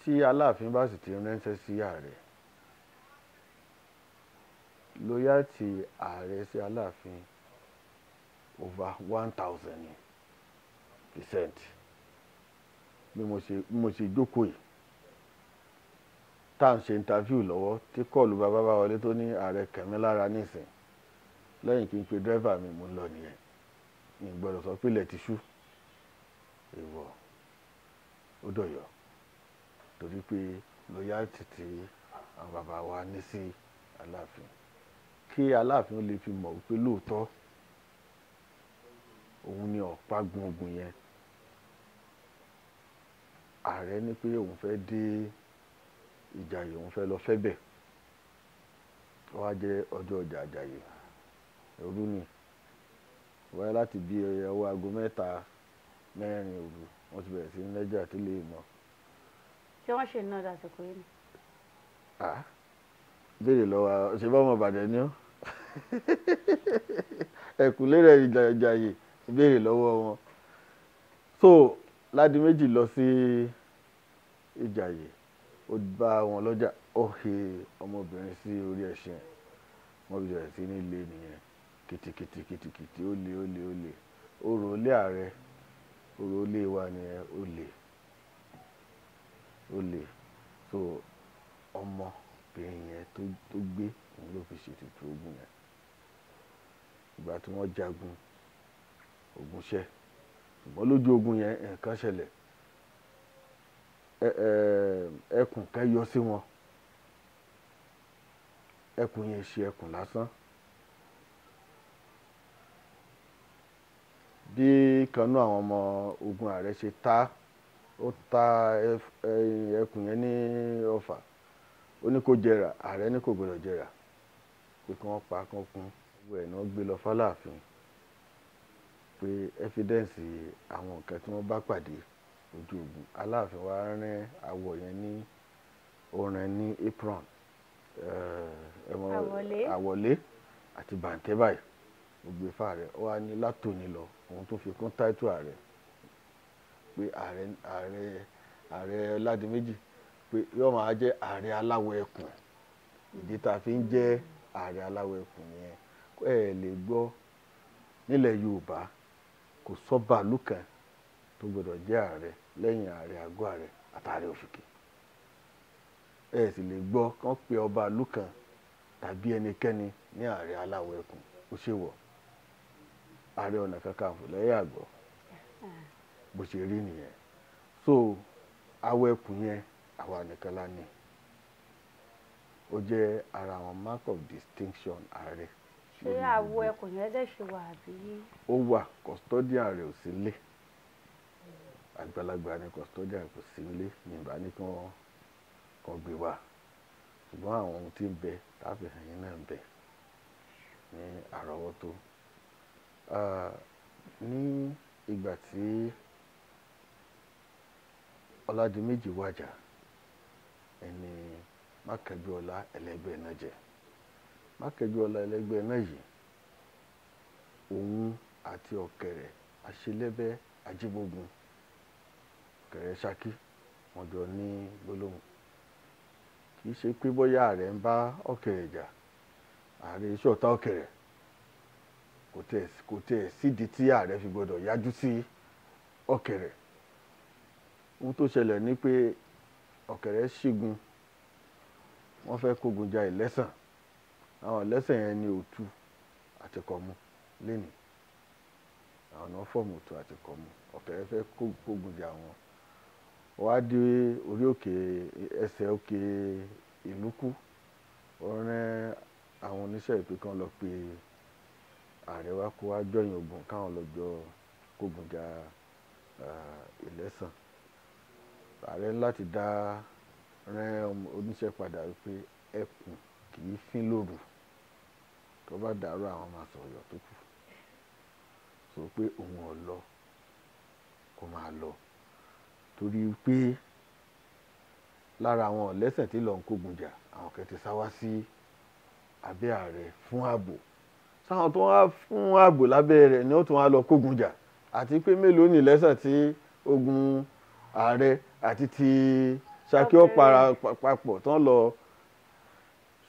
tí aláàfin bá sì ti ránṣẹ́ sí ààrẹ lóyàtì ààrẹ sí aláàfin over one thousand percent bí mo ṣe mo ṣe jókòó yìí tá à ń ṣe interview lọ́wọ́ tí kọ́ọ̀lù bàbá bá wọlé tó ní ààrẹ kẹ̀mí lára nísìn lẹ́yìn kí n pe dírẹ́fà mi mò lọ nìyẹn mi ò gbọ́dọ̀ sọ pé ilẹ̀ ti ṣú ìwọ ó dọ̀yọ̀ torí pé lóyá títí àwọn bàbá wa ní sí aláàfin kí aláàfin lè fi mọ̀ wípé lóòótọ́ òun ni ọ̀pá gun ogun yẹn ààrẹ ní pé òun fẹ́ dé. De Ìjàyè òun fẹ́ lọ fẹ́ bẹ̀ ó wá jẹ́ ọjọ́ ọjà Ìjàyè òru ni wáyé láti bí ọwọ́ aago mẹ́ta mẹ́rin òru wọ́n ti bẹ̀rẹ̀ sí ní lẹ́jọ́ àti lè mọ̀. ṣé wọ́n ṣe iná dàsìkò yìí ni. béèrè lọ́wọ́ ṣe bá ọmọ Ìbàdàn ni ó [LAUGHS] ẹ̀kúnlẹ́rẹ̀ Ìjàyè béèrè lọ́wọ́ wọn so Ládiméjì lọ sí Ìjàyè ó bá wọn lọ́jà ó he ọmọbìnrin sí orí ẹṣin wọn bí bẹ̀rẹ̀ sí ní ilé nìyẹn kìtìkìtì kìtìkìtì ó lè ó lè ó lè orò ilé ààrẹ orò ilé wa nìyẹn ó lè ó lè so ọmọbìnrin yẹn tó gbé òun ló fi ṣètùtù ogun yẹn ìgbà tí wọ́n jagun ogun ṣẹ́ ṣùgbọ́n lójú ogun yẹn nǹkan ṣẹlẹ̀ ẹkùn yọ sí wọn ẹkùn yẹn ṣe ẹkùn lásán bí kanú àwọn ọmọ ogun ààrẹ ṣe ta ó ta ẹkùn yẹn ní ọfà ó ní kó jẹrà ààrẹ ní kò gbọdọ jẹrà pé kí wọn pa kí wọ́n ẹ̀ lọ fáláàfin pé àwọn nǹkan tí wọ́n bá pàdé ojú ogun aláàfin wa rin àwọ̀ yẹn ní orin ní apron àwọ̀lé àti bàǹtẹ́ báyìí gbogbo ifá rẹ̀ ó wá ní látòní lọ òun tó fi kún táìtù ààrẹ pé ààrẹ ààrẹ ààrẹ Ọládìméjì pé yóò máa jẹ́ ààrẹ aláwọ̀ ẹkùn ìdí tá a fi ń jẹ́ ààrẹ aláwọ̀ ẹkùn yẹn ẹ lè gbọ́ nílẹ̀ Yorùbá kò sọ́ba lùkàn tó ààrẹ lẹ́yìn ààrẹ àgọ́ ààrẹ àtàrẹ òfìkì ẹ sì lè gbọ́ kán pe ọba ìlú tàbí ẹnikẹ́ni ní ààrẹ aláwọ̀ ẹkùn ó ṣe wọ̀ ààrẹ ọ̀nà kakanfò lẹ́yìn rí nìyẹn so awọ ẹkùn yẹn àwa nìkan la ní ó jẹ́ ara àwọn mark of distinction ààrẹ. ṣé awọ ẹkùn yẹn ṣe wà àbí. ó wà custodian rẹ̀ ò sí lé. àgbàlagbà ni custodian kò sí nílé nígbà ní kí wọ́n kan gbé wá ṣùgbọ́n àwọn ohun tí ń bẹ táfihàn yín náà ń bẹ ní àrọ́wọ́tó ní ìgbà tí ọládìméjì wájà ẹni mákẹ́jọ́lá ẹlẹ́gbẹ́ náà jẹ́ mákẹ́jọ́lá ẹlẹ́gbẹ́ náà yìí òun àti ọ̀kẹ́rẹ́ àṣelẹ́bẹ́ ajíbógun Àkẹrẹ Ṣakí wọ́n jọ ní gbólóhùn kì í ṣe pé bóyá ààrẹ ń bá ọ̀kẹ̀rẹ̀ jà ààrẹ iṣẹ́ ọ̀tá ọ̀kẹ̀rẹ̀ kò tẹ̀ sídìí tí ààrẹ fi gbọ́dọ̀ yájú sí ọ̀kẹ̀rẹ̀ ohun tó ṣẹlẹ̀ ni pé ọ̀kẹ̀rẹ̀ ṣígun wọ́n fẹ́ kógun ja ìlẹ́sàn àwọn ìlẹ́sàn yẹn ni òtù àti kọ̀mú lẹ́nìí àwọn náà fọ́ọ̀mù òtù àti kọ̀mú ọ̀kẹ̀rẹ̀ fẹ́ kógun ja wọn wá dé orí òkè ẹsẹ̀ òkè ìlúkù ó àwọn oníṣẹ́ ìpè kan lọ pé ààrẹ wa kó wá jọyìn ogun káwọn lọ jọ kógun ja Ìlẹ́sàn ààrẹ láti dá rán oníṣẹ́ padà wípé ẹkùn kì í fín lóru tó bá dàrú àwọn máa sọ̀rọ̀ tó kù sọ pé òun ò lọ kó máa lọ torí pé lára àwọn ọ̀lẹ́sẹ̀ tí lọ́n kógun jà àwọn kan ti sá wá sí abẹ́ ààrẹ fún ààbò sáwọn tó wá fún ààbò lábẹ́ rẹ̀ ni ó tún wá lọ kógun jà àti pé mélòó ni lẹ́sẹ̀ tí ogun ààrẹ àti ti Ṣakí Ọ̀para papọ̀ tán lọ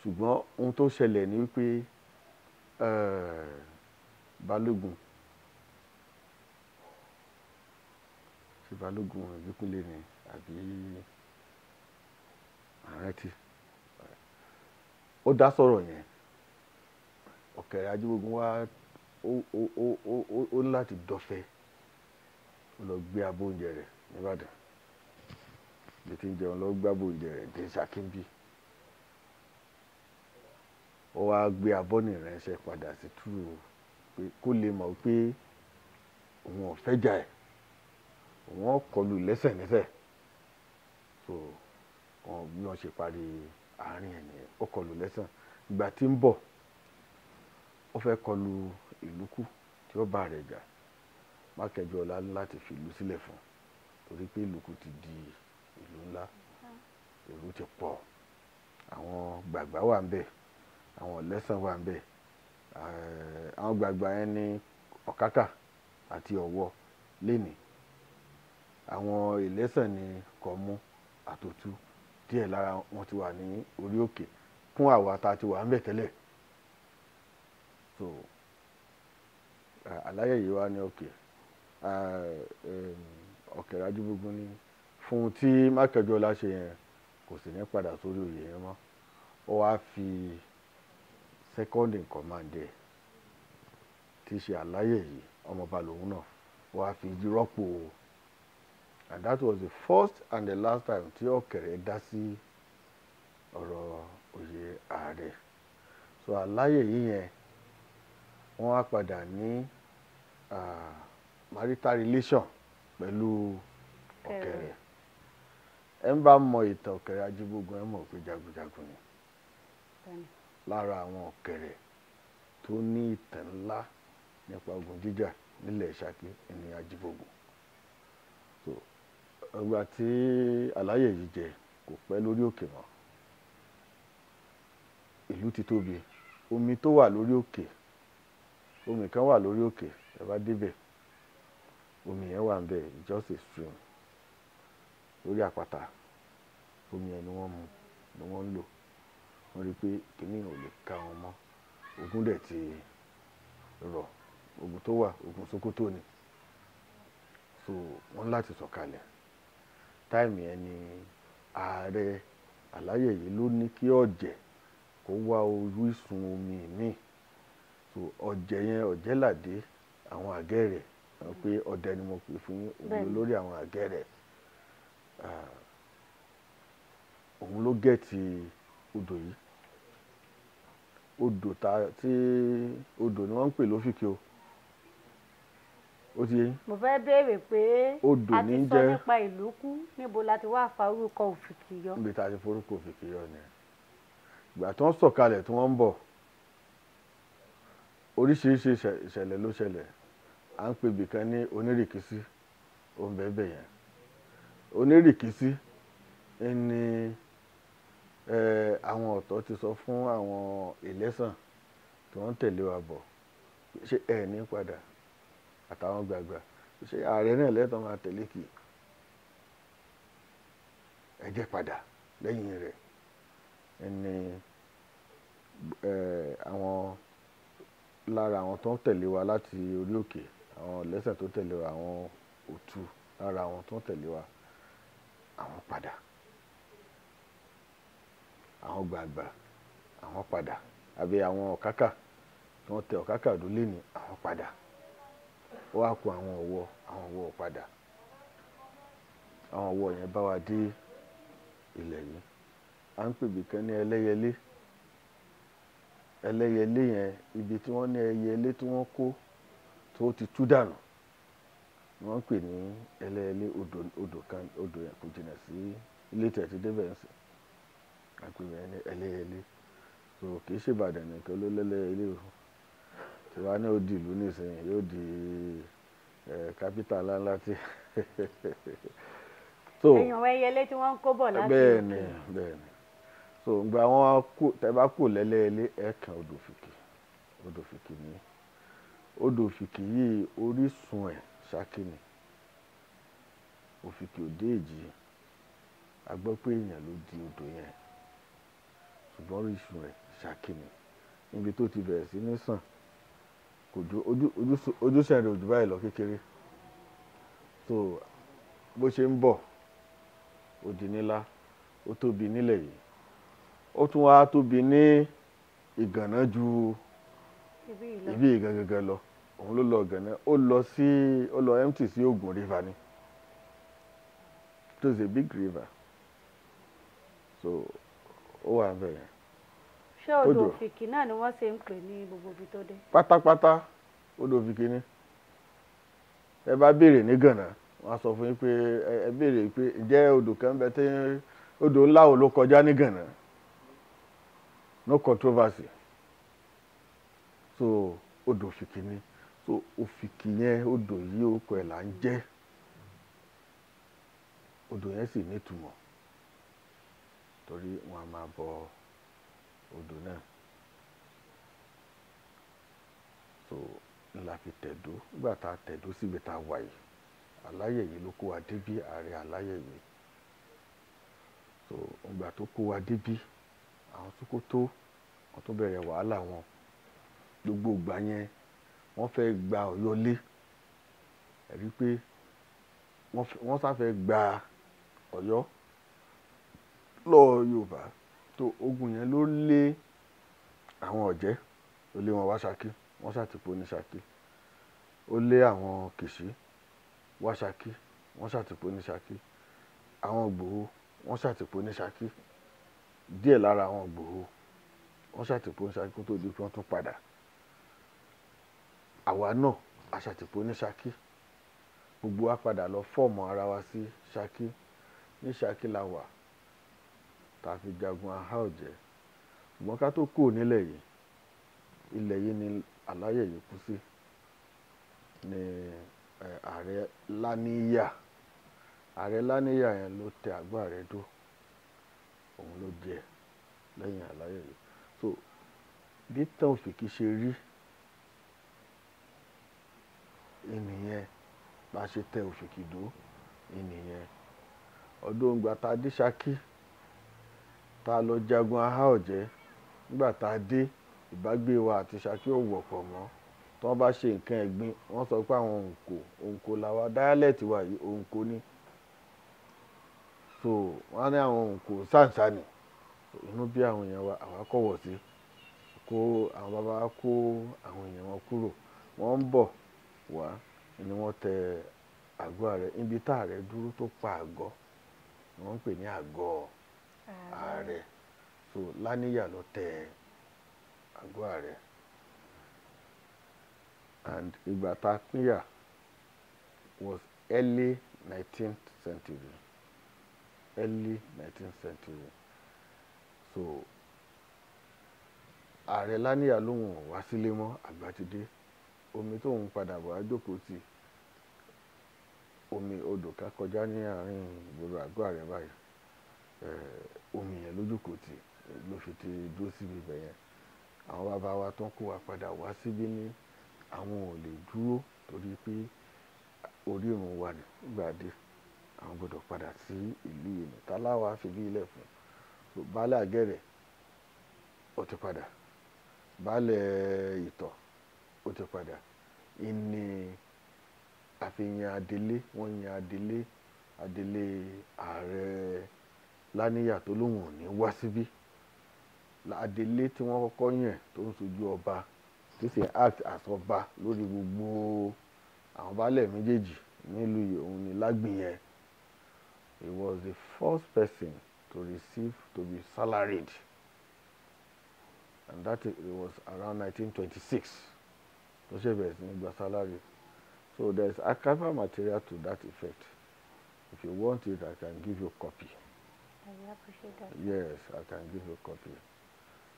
ṣùgbọ́n ohun tó ṣẹlẹ̀ ni wípé eh, Balógun ti balógun ìbíkúnlé ni àbí àrẹ́tì ó dá sọ̀rọ̀ yẹn ọ̀kẹ́rẹ́ ajíbogun wá ó ní láti dọ́fẹ́ ó lọ gbé abó oúnjẹ rẹ̀ nìbàdàn bí ti ń jẹun lọ gbé abó oúnjẹ rẹ̀ dé sàkínbí ó wá gbé abọ́nì rẹ̀ ṣe padà sí túrò pé kó lè mọ̀ pé òun ò fẹ́ jà ẹ̀ wọ́n kọlù lẹ́sẹ̀lẹ́sẹ̀ so wọn bí wọ́n ṣe parí àárín ẹ̀ nìyẹn ó kọlù lẹ́sẹ̀ ìgbà tí ń bọ̀ ó fẹ́ kọlù ìlú kù tí ó bá rẹ̀ jà mákẹ́jọ ọlá láti fi ìlú sílẹ̀ fún torí pé ìlú kù ti di ìlú ńlá ìlú ti pọ̀ àwọn gbàgbà wà ń bẹ̀ àwọn lẹ́sàn wà ń bẹ̀ àwọn gbàgbà yẹn ní ọ̀kátà àti ọ̀wọ́ lénìí àwọn ìlẹ́sẹ̀ ní kọ̀mú àtòtú díẹ̀ lára wọn ti wà ní orí òkè fún àwa tá ti wà ń bẹ̀ tẹ́lẹ̀ so àlàyé yìí wá ní òkè ọ̀kẹ́ rájú gbogbo ní fún tí mákẹ́jọ́lá ṣe yẹn kò sì ní padà sórí oyè yẹn mọ́ ó wáá fi second in tí ṣe àlàyé yìí ọmọọba lòun náà ó wáá fi rọ́pò and that was the first and the last time tí ọ̀kẹ́rẹ́ dá sí ọ̀rọ̀ oyè ààrẹ so àláyè yíyẹn wọ́n á padà ní marital relation pẹ̀lú ọ̀kẹ́rẹ́ ẹ ń bá mọ ìtàn ọ̀kẹ́rẹ́ ajíbógun ẹ mọ̀ pé jagunjagun ni lára àwọn ọ̀kẹ́rẹ́ tó ní ìtàn ńlá nípa ogun jíjà nílẹ̀ Ṣakí ẹni ajíbógun ọgbà tí àlàyé yìí jẹ kò pẹ́ lórí òkè mọ́ ìlú ti tóbi omi tó wà lórí òkè omi kan wà lórí òkè ẹ bá débẹ̀ omi yẹn wà nbẹ̀ just a stream lórí àpáta omi yẹn ni wọ́n mu ni wọ́n ń lò wọ́n rí i pé kínní ò lè ka wọn mọ́ ogun dẹ̀ ti rọ̀ ogun tó wà ogun Sokoto ni so wọ́n láti sọ̀kalẹ̀. So, táìmù yẹn ni ààrẹ àláyè yìí ló ní kí ọ̀jẹ̀ kó wá orísun omi míì so ọ̀jẹ̀ yẹn ọ̀jẹ̀ládé àwọn àgẹ̀rẹ̀ àwọn pé ọdẹ ni mo pè fún òun lórí àwọn àgẹ̀rẹ̀ òun ló gẹ̀ẹ́tì odò yìí odò ta tí odò ni wọ́n ń pè lófìkì o ó ti yé yín. mo fẹ́ béèrè pé odò ní jẹ́ a ti sọ nípa ìlú kú níbo la ti wá fa orúkọ òfìkì yọ. níbi tá a ti forúkọ òfìkì yọ ni ìgbà tí wọ́n sọ̀kalẹ̀ tí wọ́n ń bọ̀ oríṣiríṣi ìṣẹ̀lẹ̀ ló ṣẹlẹ̀ à ń pè bìkan ní onírìkísí òǹbẹ̀bẹ̀ yẹn onírìkísí ni àwọn ọ̀tọ̀ ti sọ fún àwọn ìlẹ́sàn tí wọ́n tẹ̀lé wa bọ̀ ṣé ẹ̀ ní padà àtàwọn gbàgbà ṣe ààrẹ náà lẹ́tọ̀ máa tẹ̀lé kì í ẹ jẹ́ padà lẹ́yìn rẹ̀ ẹni àwọn lára àwọn tó ń tẹ̀lé wa láti orí òkè àwọn lẹ́sẹ̀ tó tẹ̀lé wa àwọn òtù lára àwọn tó ń tẹ̀lé wa àwọn padà àwọn gbàgbà àwọn padà àbí àwọn ọ̀kákà tó ń tẹ ọ̀kákà dúlé ní àwọn padà. ó wá kó àwọn ọ̀wọ́ àwọn ọwọ padà àwọn ọ̀wọ́ yẹn bá wa dé ilẹ̀ yìí à ń kan ní ẹlẹ́yẹlé ẹlẹ́yẹlé yẹn ibi tí wọ́n ní ẹyẹlé tí wọ́n kó tó ti tú ni wọ́n pè ní ẹlẹ́yẹlé odò odò kan odò yẹn kò jìnnà sí ilé tẹ̀ ń tiwa ní òdì ìlú nísìnyí yóò di kápítà ńláńlá tí. èèyàn [LAUGHS] ẹyẹlé tí wọ́n ń kó bọ̀ láti. bẹ́ẹ̀ni bẹ́ẹ̀ni so gba wọn kú tẹ bá kú lẹ́lẹ́ẹ̀lé ẹ̀ẹ̀kan odòfìkì odòfìkì ni odòfìkì yìí orísun ẹ̀ Ṣakí ni òfìkì òde èjì a gbọ́ pé èèyàn ló di odò yẹn ṣùgbọ́n orísun ẹ̀ Ṣakí níbi tó ti bẹ̀rẹ̀ sí ní sàn kò ju ojú ojú ojúṣe rẹ̀ òjú báyìí lọ kékeré so bó ṣe ń bọ̀ ó di nílá ó tóbi nílẹ̀ yìí ó tún wá tóbi ní ìgànná ju ibi ìgangangan lọ òun ló lọ ìgànná ó lọ sí ó lọ mt sí Ògùn river ni it was a big river so ó wà bẹ́ẹ̀ ṣé odò òfìkì náà ni wọ́n ṣe ń pè ní gbogbo ibi tó dé. pátápátá odò òfìkì ni ẹ bá béèrè ní gànà wọ́n sọ fún yín pé ẹ béèrè pé ǹjẹ́ odò kan bẹ tí odò ńlá ló kọjá ní gànà no controversy so odò òfìkì ni so òfìkì yẹn odò yìí orúkọ ẹ̀ là ń jẹ́ odò yẹn sì nítumọ̀ torí wọn a máa bọ ọ odò náà so la fi tẹ̀dó nígbà tá a tẹ̀dó síbi tá a wà yìí aláyẹ̀yẹ ló kó wa débí ààrẹ aláyẹ̀yẹ so ìgbà tó kó wa débí àwọn Sókótó wọn tó bẹ̀rẹ̀ wàhálà wọn gbogbo ìgbà yẹn wọ́n fẹ́ gba Ọ̀yọ́ lé ẹ̀rí pé wọ́n sáfẹ́ gba Ọ̀yọ́ lọ́ọ́ Yorùbá tó ogun yẹn ló lé àwọn ọ̀jẹ́ ó lé wọn wá Ṣakí wọ́n ṣàtìpó ní Ṣakí ó lé àwọn Kìṣí wá Ṣakí wọ́n ṣàtìpó ní Ṣakí àwọn Ìgbòho wọ́n ṣàtìpó ní Ṣakí díẹ̀ lára àwọn Ìgbòho wọ́n ṣàtìpó ní Ṣakí kó tó di pé wọ́n tún padà àwa náà a ṣàtìpó ní Ṣakí gbogbo wa padà lọ fọ́ọ̀mù ara wa sí Ṣakí ní Ṣakí la wà tá jagun aha ọ̀jẹ̀ ṣùgbọ́n ká tó kúrò nílẹ̀ yìí ilẹ̀ yìí ni àláyé yìí kú sí ni ààrẹ láníyà ààrẹ láníyà yẹn ló tẹ àgbà rẹ òun ló jẹ lẹ́yìn yìí so bí tán òfìkì ṣe rí ènìyàn bá ṣe tẹ dó ènìyàn ọdún tá a lọ jagun ahá ọ̀jẹ́ nígbà tá a dé ìbágbé wa àti Ṣakí ò wọ̀pọ̀ mọ́ tí wọ́n bá ṣe nǹkan ẹ̀gbin wọ́n sọ pé àwọn òǹkò òǹkò làwa dáyálẹ̀tì wa yìí òǹkò ni so wọ́n á ní àwọn òǹkò sáǹsá ni inú bí àwọn èèyàn wa àwa kọ̀wọ̀ sí kó àwọn bàbá wa kó àwọn èèyàn wọn kúrò wọ́n ń bọ̀ wá ni wọ́n tẹ àgọ́ rẹ̀ níbi tá ààrẹ dúró tó pa àgọ́ wọ́n ń pè ní àgọ́ ọ̀ ààrẹ so lánìyà ló tẹ àgọ́ ààrẹ and ìgbà pínyà was early nineteenth century early nineteenth century so ààrẹ lánìyà lòun ò wá sílé mọ́ àgbà ti dé omi tóun padà bọ̀ á jókòó tì omi odò ká kọjá ní àárín ìgboro àgọ́ ààrẹ báyìí Eh, omi yẹn lójókòó tì lóṣù tí dúró síbi ibẹ̀ yẹn àwọn bàbá wa tó ń kó wa padà wá síbí ní àwọn ò lè dúró torí pé orí òun wà nígbàdé àwọn gbọ́dọ̀ padà sí ìlú ìlú táláwa fi bí ilẹ̀ fún baálé àgẹ̀rẹ̀ ó ti padà baálé ìtọ̀ ó ti padà ìní àfihàn adelé wọ́n yan adelé adelé ààrẹ láníyà tó lóun ò ní wá síbí adelé tí wọ́n kọ́kọ́ yàn tó ń sojú ọba tó sì act as ọba lórí gbogbo àwọn baálẹ̀ méjèèjì nílùú yìí òun ni he was the first person to receive to be salaried and that it was around 1926 ló ṣe bẹ̀rẹ̀ sí ní gba salary so there is archival material to that effect if you want it I can give you a copy. I appreciate that. Yes, I can give you a copy.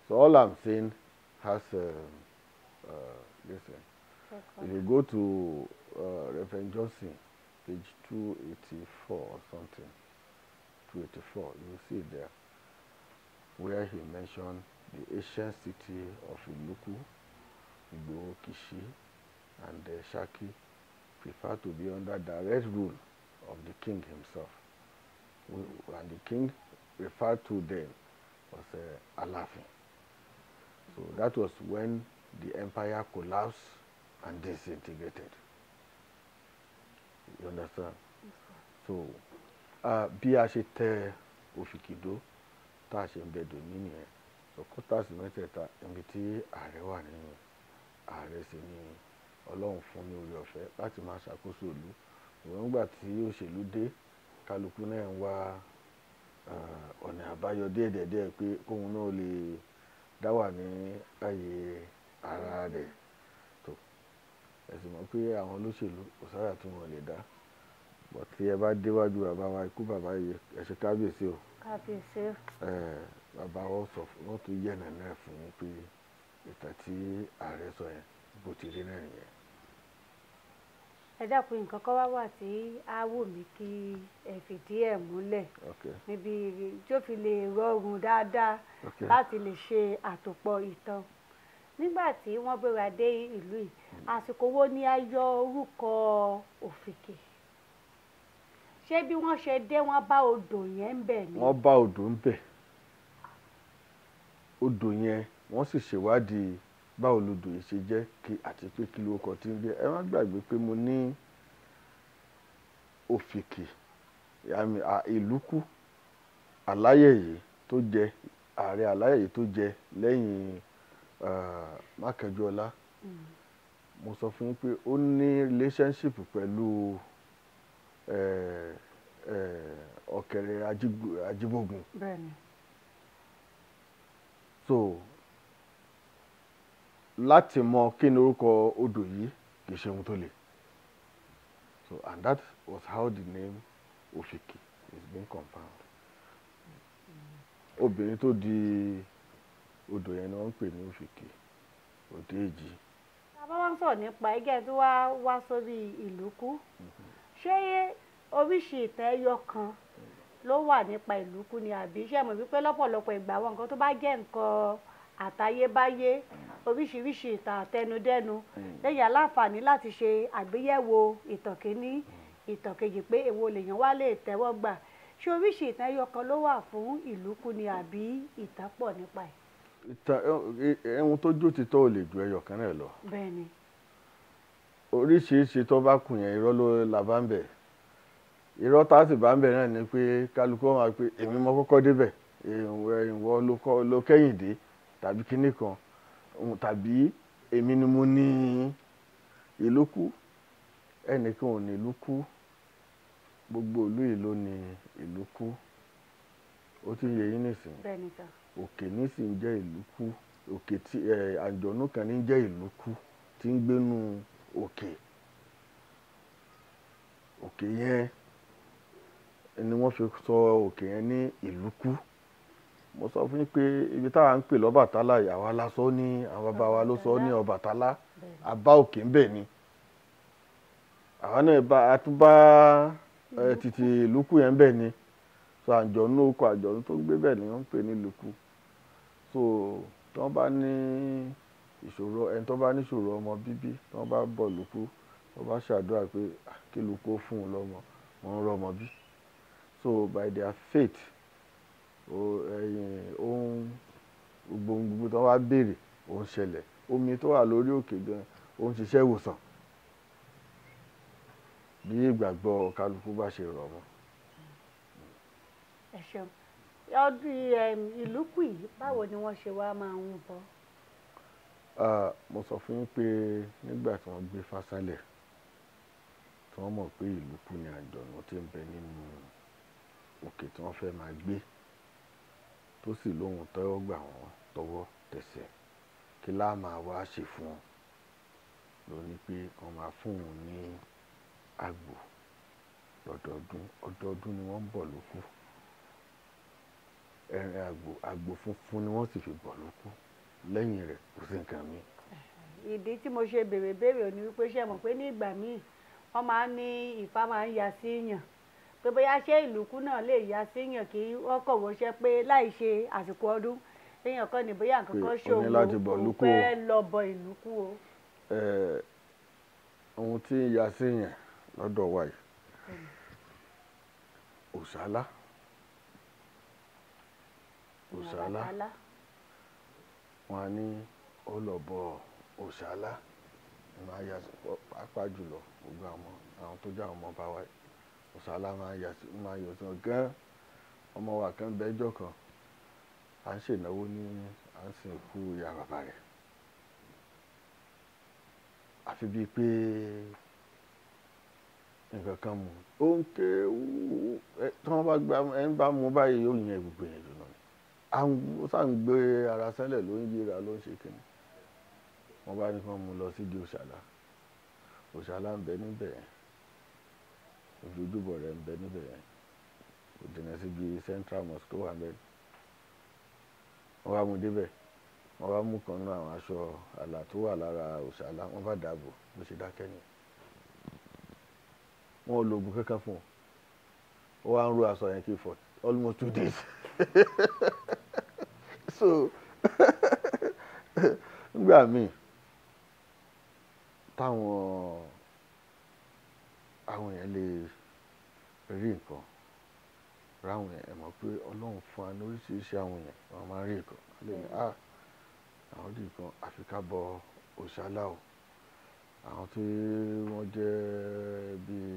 So all I'm saying has a, uh, uh, listen. If you go to uh, Reverend Johnson, page 284 or something, 284, you see there where he mentioned the ancient city of Iluku, Igboho Kishi, and uh, Shaki prefer to be under direct rule of the king himself and the king referred to them was uh, laughing. So that was when the empire collapsed and disintegrated. You understand? Yes, so uh, bí a ṣe tẹ òfìkìdó tá a ṣe ń bẹ̀dọ̀ ní nìyẹn òkútàsí mẹ́tẹ̀ẹ̀ta ibi tí ààrẹ wà nínú ààrẹ sì ni ọlọ́run fún ní oore ọ̀fẹ́ láti máa ṣàkóso ìlú ìwọ̀n nígbà tí òṣèlú dé kálukú náà ń wá ọ̀nà àbáyọ díẹ̀díẹ̀ pé kóun náà lè dá wà ní ààyè ara rẹ̀ tó ẹ̀sìn mọ́ pé àwọn olóṣèlú kò sára tí wọ́n lè dá bọ̀ tí ẹ bá déwájú bàbá wa ikú bàbá yìí ẹ ṣe kábíyèsí o kábíyèsí o bàbá wọn sọ wọn tún yẹ̀nà náà fún un pé ìtàn tí ààrẹ sọ yẹn bó ti rí náà nìyẹn ẹ dákun nǹkan kan wá wà tí á wù mí kí ẹ fìdí ẹ̀ múlẹ̀ níbi tó fi lè rọrùn dáadáa láti lè ṣe àtòpọ̀ ìtàn nígbà tí wọ́n gbéra dé ìlú yìí hmm. àsìkò wo ni a yọ orúkọ òfìkì ṣé bí wọ́n ṣe dé wọ́n bá odò yẹn ń bẹ̀ ni. wọ́n bá odò ń bẹ̀ odò yẹn wọ́n sì ṣèwádìí báwo lodò yìí ṣe jẹ́ kí àti pé kí lóko ti ń jẹ́ ẹ má gbàgbé pé mo ní òfìkì ìlúkù aláyẹyẹ tó jẹ ààrẹ aláyẹyẹ tó jẹ lẹ́yìn mákẹ́jọ́lá hmm. mo sọ fún yín pé ó ní relationship pẹ̀lú ọ̀kẹ́rẹ́ ajíbógun so láti mọ kí ni orúkọ odò yìí kì í ṣe ohun tó le so and that was how the name Ofiki is being compound obìnrin tó di odò yẹn ni wọ́n ń pè ní Ofiki Odeji. bá wá ń sọ̀rọ̀ nípa ẹgẹ́ tó wá wá sórí ìlúkú mm-hmm. ṣé oríṣi ìtàn ẹyọ kan ló wà nípa ìlúkú ni àbí ṣé mo wípé lọ́pọ̀lọpọ̀ ìgbà àwọn nǹkan tó bá jẹ́ nǹkan àtayébáyé oríṣiríṣi ìtàn àtẹnudẹ́nu hmm. lẹ́yìn aláǹfààní láti ṣe àgbéyẹ̀wò ìtàn kìíní ìtàn kejì pé èwo lèèyàn wá lè tẹ́wọ́ gbà ṣé oríṣi ìtàn ẹyọ kan ló wà fún ìlú kú ni àbí ìtàn pọ̀ nípa ẹ̀. ìtàn ẹhun tó jó ti tọ́ ò lè ju ẹyọ kan náà lọ. bẹ́ẹ̀ni. oríṣiríṣi tó bá kùn yẹn irọ́ ló la bá ń bẹ̀ irọ́ tá a sì bá ń bẹ̀ náà ni pé kálukú máa pe èmi mo kọ́kọ́ débẹ̀ ìwọ ló kẹ́yìn dé tàbí kinní kan tàbí èmi ni mo ní ìlú kú ẹnìkan ò ní ìlú kú gbogbo ìlú yìí ló ní ìlú kú ó ti yẹ yín nísìnyí òkè nísìnyí jẹ́ ìlú kú òkè tí ẹ àjọ̀nú kan ní jẹ́ ìlú kú tí ń gbénu òkè òkè yẹn ni wọ́n fi sọ òkè yẹn ní ìlú kú mo sọ fún yín pé ibi táwa ń pè lọ́bàtálá ìyàwó aláṣọ ní àwọn bàbá wa ló sọ ní ọbàtálá àbá òkè ń bẹ ni àwọn náà bá a títí lùkù yẹn ń ni so àjọ̀nú okò àjọ̀nú tó ń gbé bẹ̀ ni wọ́n ń pè ní lùkù so tí wọ́n bá ní ìṣòro ẹni tó bá ní ìṣòro ọmọ bíbí tí wọ́n bá bọ̀ lùkù tó bá ṣàdúrà pé ah, kí lùkù fún un lọ́mọ wọ́n ń rọ́mọ bí so by their faith ohun gbogbo gbogbo tó wá béèrè ó ń ṣẹlẹ̀ omi tó wà lórí òkè gan ó ń ṣiṣẹ́ ìwòsàn bí ìgbàgbọ́ kálukú bá ṣe rọ̀ wọ́n. ẹ ṣeun ọdún ìlúkù yìí báwo ni wọ́n ṣe wá máa ń bọ́. mo sọ fún yín pé nígbà tí wọ́n gbé fásálẹ̀ tí wọ́n mọ̀ pé ìlúkù ni àjọ̀nù ti ń bẹ nínú òkè tí wọ́n fẹ́ máa gbé. Mm tó sì lóhun tẹ́wọ́ gbà wọ́n tọwọ́ tẹsẹ̀ kí láà máa wá ṣe fún un ló ní pé wọ́n máa fún un ní àgbò lọ́dọọdún ọdọọdún ni wọ́n ń bọ̀ lókù ẹ̀rìn àgbò àgbò funfun ni wọ́n sì fi bọ̀ lókù lẹ́yìn rẹ̀ kò sí nǹkan mi. ìdí tí mo ṣe béèrè béèrè ni wípé ṣé mọ̀ pé ní ìgbà míì wọ́n máa ń ní ìfá máa ń ya sí yàn pé bóyá ṣé ìlùkù náà lè yá síyàn kí wọ́n kọ̀wọ́ ṣe pé láì ṣe àsìkò ọdún èèyàn kan ní bóyá nǹkan kan ṣòwò lọ bọ ìlùkù o. ohun tí ń ya síyàn lọ́dọ̀ wa yìí òṣàlá òṣàlá wọn á ní ọlọ́bọ òṣàlá pàápàá jùlọ gbogbo àwọn tó jẹ́ àwọn ọmọ bá wa yìí ọ̀sàlà máa yọ̀ sàn gan ọmọ wa kan bẹ́jọ́ kan à ń ṣènáwó ní à ń sìnkú ìyá bàbá rẹ̀ àfi bíi pé nǹkan kan mu ó ń ké tí wọ́n bá gba ẹ̀ ń bá mu báyìí yóò yan gbogbo yẹn lónà ni ó sá ń gbé ara sẹ́lẹ̀ ló ń yíra ló ń ṣe kíni wọ́n bá ní kí wọ́n mú lọ sídìí òṣàlà òṣàlà ń bẹ níbẹ̀ yẹn òdodo bọ̀rẹ̀ ń bẹ níbẹ̀ yẹn kò jìnnà sí bí central mosque tó wà bẹ́ẹ̀ wọ́n wá mú débẹ̀ wọ́n wá mú kan nínú àwọn aṣọ àlà tó wà lára òṣàlá wọ́n bá dàbò bó ṣe dákẹ́ nìyẹn wọn ò lo oògùn kankan fún un ó ń ro aṣọ yẹn kí for almost two days [LAUGHS] so [LAUGHS] nígbà míì táwọn àwọn èèyàn lè rí nǹkan ráwọn èèyàn ẹ̀ mọ̀ pé ọlọ́run fún wa ní oríṣiríṣi àwọn èèyàn wọn máa rí nǹkan lè ní à ah, àwọn rí nǹkan àfi ká bọ òṣàlá o àwọn tí wọ́n jẹ́ bíi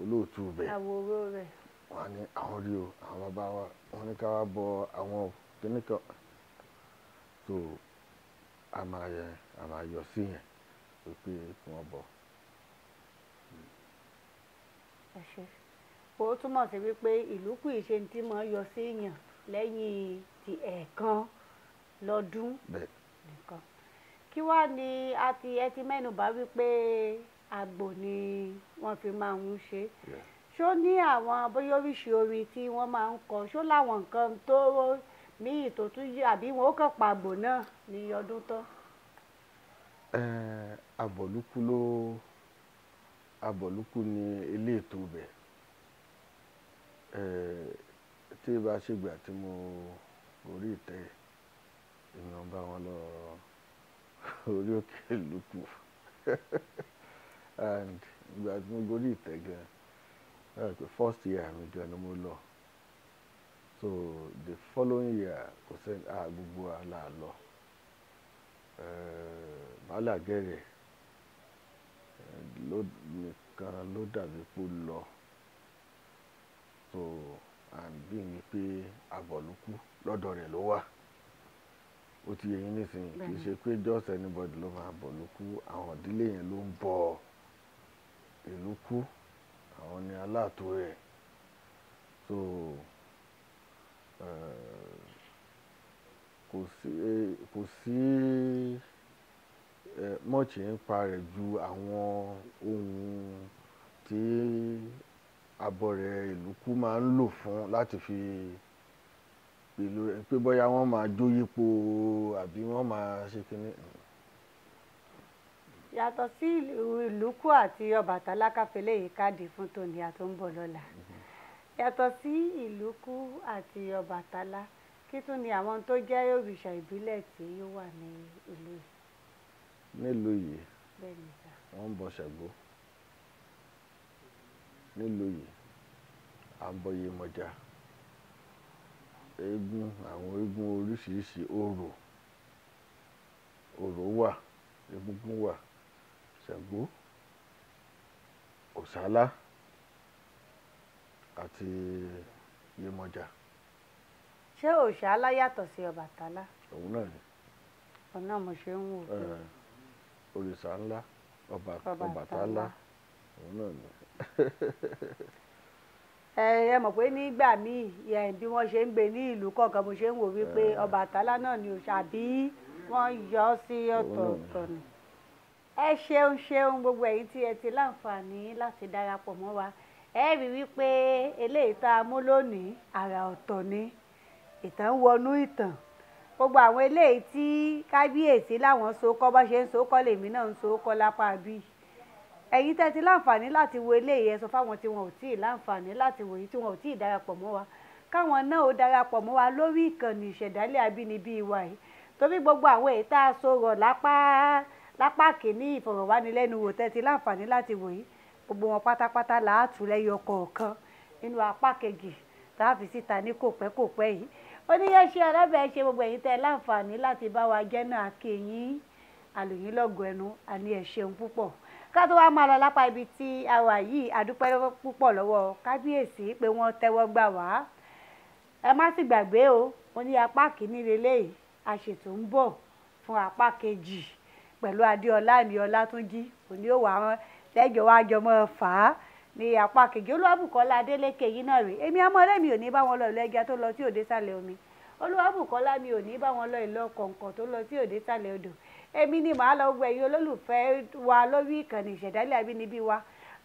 olóòtú bẹ̀ àwòrán rẹ̀ àwọn rí o àwọn bàbá wa wọ́n ní ká wá bọ àwọn kíníkan tó a máa yọ sí yẹn pé kí wọ́n bọ̀ ó túmọ̀ sí wípé ìlú kù ìṣe tí mo yọ sí yàn lẹ́yìn ti ẹ̀ẹ̀kan lọ́dún nìkan kí wá ni a ti ẹ ti mẹ́nubà wípé àgbò ni wọ́n fi máa ń ṣe ṣó ní àwọn bóyá oríṣi orin tí wọ́n máa ń kọ ṣó láwọn nǹkan tó míì tó tún yé àbí wọn ó kàn pa àgbò náà ní ọdún tán. àbọ̀lúkú ló. Eh, abọ̀lúkú ni ilé ètò ibẹ̀ tí bá ṣègbà tí mo orí ìtẹ́ wọn lọ orí òkè lùkù [LAUGHS] and ìgbà tí mo gorí ìtẹ́ gan pé first year mi gan ni mo lọ so the following year kò sẹ́ni àgbogbo àlà lọ màálà nìkan ló dàbí pé ó lọ. So and bí i ni pé abọ̀lúkú lọ́dọ̀ rẹ̀ ló wà. Ó ti yé yín nísìnyí kì í ṣe pé just anybody ló máa bọ̀lúkú àwọn ìdílé yẹn ló ń bọ ìlú kú àwọn ni aláàtò rẹ̀. So eh, kò sí kò sí mọ́ọ̀chì nípa rẹ̀ ju àwọn ohun tí abọrẹ̀ ìlúkú máa ń lò fún láti fi pẹ̀lú rẹ̀ pé bóyá wọ́n máa jó yípo àbí wọ́n máa ṣe kínní. yàtọ̀ sí ìlúkú àti Ọbàtálá káfílẹ̀ yìí káàdì fún tòní àtúnbọ̀ lọ́la yàtọ̀ sí ìlúkú àti Ọbàtálá kí tún ni àwọn tó jẹ́ òrìṣà ìbílẹ̀ tí ó wà ní ìlú yìí nílùú yìí wọ́n ń bọ Ṣàngó nílùú yìí à ń bọ Yemọja eégún àwọn eégún oríṣiríṣi orò orò wà egúngún wà Ṣàngó Ọ̀sálá àti Yemọja. ṣé Ọ̀sálá yàtọ̀ sí Ọbàtálá? òun náà ni. òun náà mo ṣe ń wò ó òrìṣà ńlá Ọbàtálá òun náà ni. ẹ mọ̀ pé nígbà míì bí wọ́n ṣe ń gbé ní ìlú kọ̀ọ̀kan mo ṣe ń wò wípé Ọbàtálá náà ni òòṣà bí wọ́n yọ sí ọ̀tọ̀ọ̀tọ̀ ni. ẹ ṣeun ṣeun gbogbo ẹ̀yin tí ẹ ti láǹfààní láti darapọ̀ mọ́ wa ẹ rí wípé eléyìí tá a mú lónìí àrà ọ̀tọ̀ ni ìtàn wọnú ìtàn gbogbo àwọn eléyìí tí kábíyèsí láwọn sokọ́ bá ṣe ń sokọ́ lèmi náà ń sokọ́ lápá bí ẹ̀yin tẹ́ ti láǹfààní láti wo eléyìí ẹ sọ fáwọn tí wọn ò tíì láǹfààní láti wòye tí wọn ò tíì darapọ̀ mọ́ wa káwọn náà ó darapọ̀ mọ́ wa lórí ìkànnì ìṣẹ̀dálẹ̀ abínibí wa yìí torí gbogbo àwọn èyí tá a sọ̀rọ̀ lápá lápá kìíní ìfọ̀rọ̀wánilẹ́nuwò tẹ́ ti láǹfààní láti wòye gbogbo wọn pátápátá làátúlẹ̀ yọkọ̀ọ̀kan nínú apá kejì tá a fi síta ní kòpẹ́kòpẹ́ yìí ó ní yẹn ṣe arábẹ̀ẹ́ ṣe gbogbo ẹ̀yin tẹ́ láǹfààní láti bá wa jẹ́ náà kí yín àlòyìn lọ́gọ̀ ẹnu àní ẹ̀ ṣeun púpọ̀ ká tó wá máa lọ lápá ibi tí a wà yìí àdúpẹ́ púpọ̀ lọ́wọ́ kábíyèsí pé wọ́n tẹ́wọ́ gbà wá ẹ má sì gbàgbé o mo ní apá kìíní lélẹ́yìí a ṣètò ń bọ̀ fún apá kejì pẹ̀lú adéọlá mi ọlátúnjí òní ò wá lẹ́jọ́ wájọ mọ́ fà á ní apá kejì olúwàbùkọ́lá adélékè yìí náà rèé èmi amọ̀rẹ́ mi ò ní bá wọn lọ ìlú ẹja tó lọ sí òde sàlẹ̀ omi olúwàbùkọ́lá mi ò ní bá wọn lọ ìlú ọkọ̀ǹkọ̀ tó lọ sí òde sàlẹ̀ odò èmi ni màá lọ gbẹ yín olólùfẹ́ wa lórí ìkànnì ìṣẹ̀dálẹ̀ abínibí wa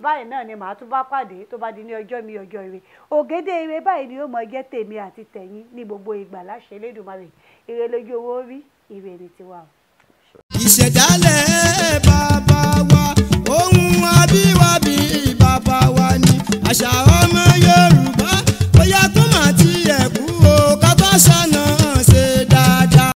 báyìí náà ni màá tún bá pàdé tó bá di ní ọjọ́ mi ọjọ́ ire ògédé ire báyìí ni ó mọ jẹ́ tèmi àti tẹ̀yìn ní gbogbo ìgbà láṣẹ tiwa. ìṣẹ̀dálẹ̀ bá a. àṣà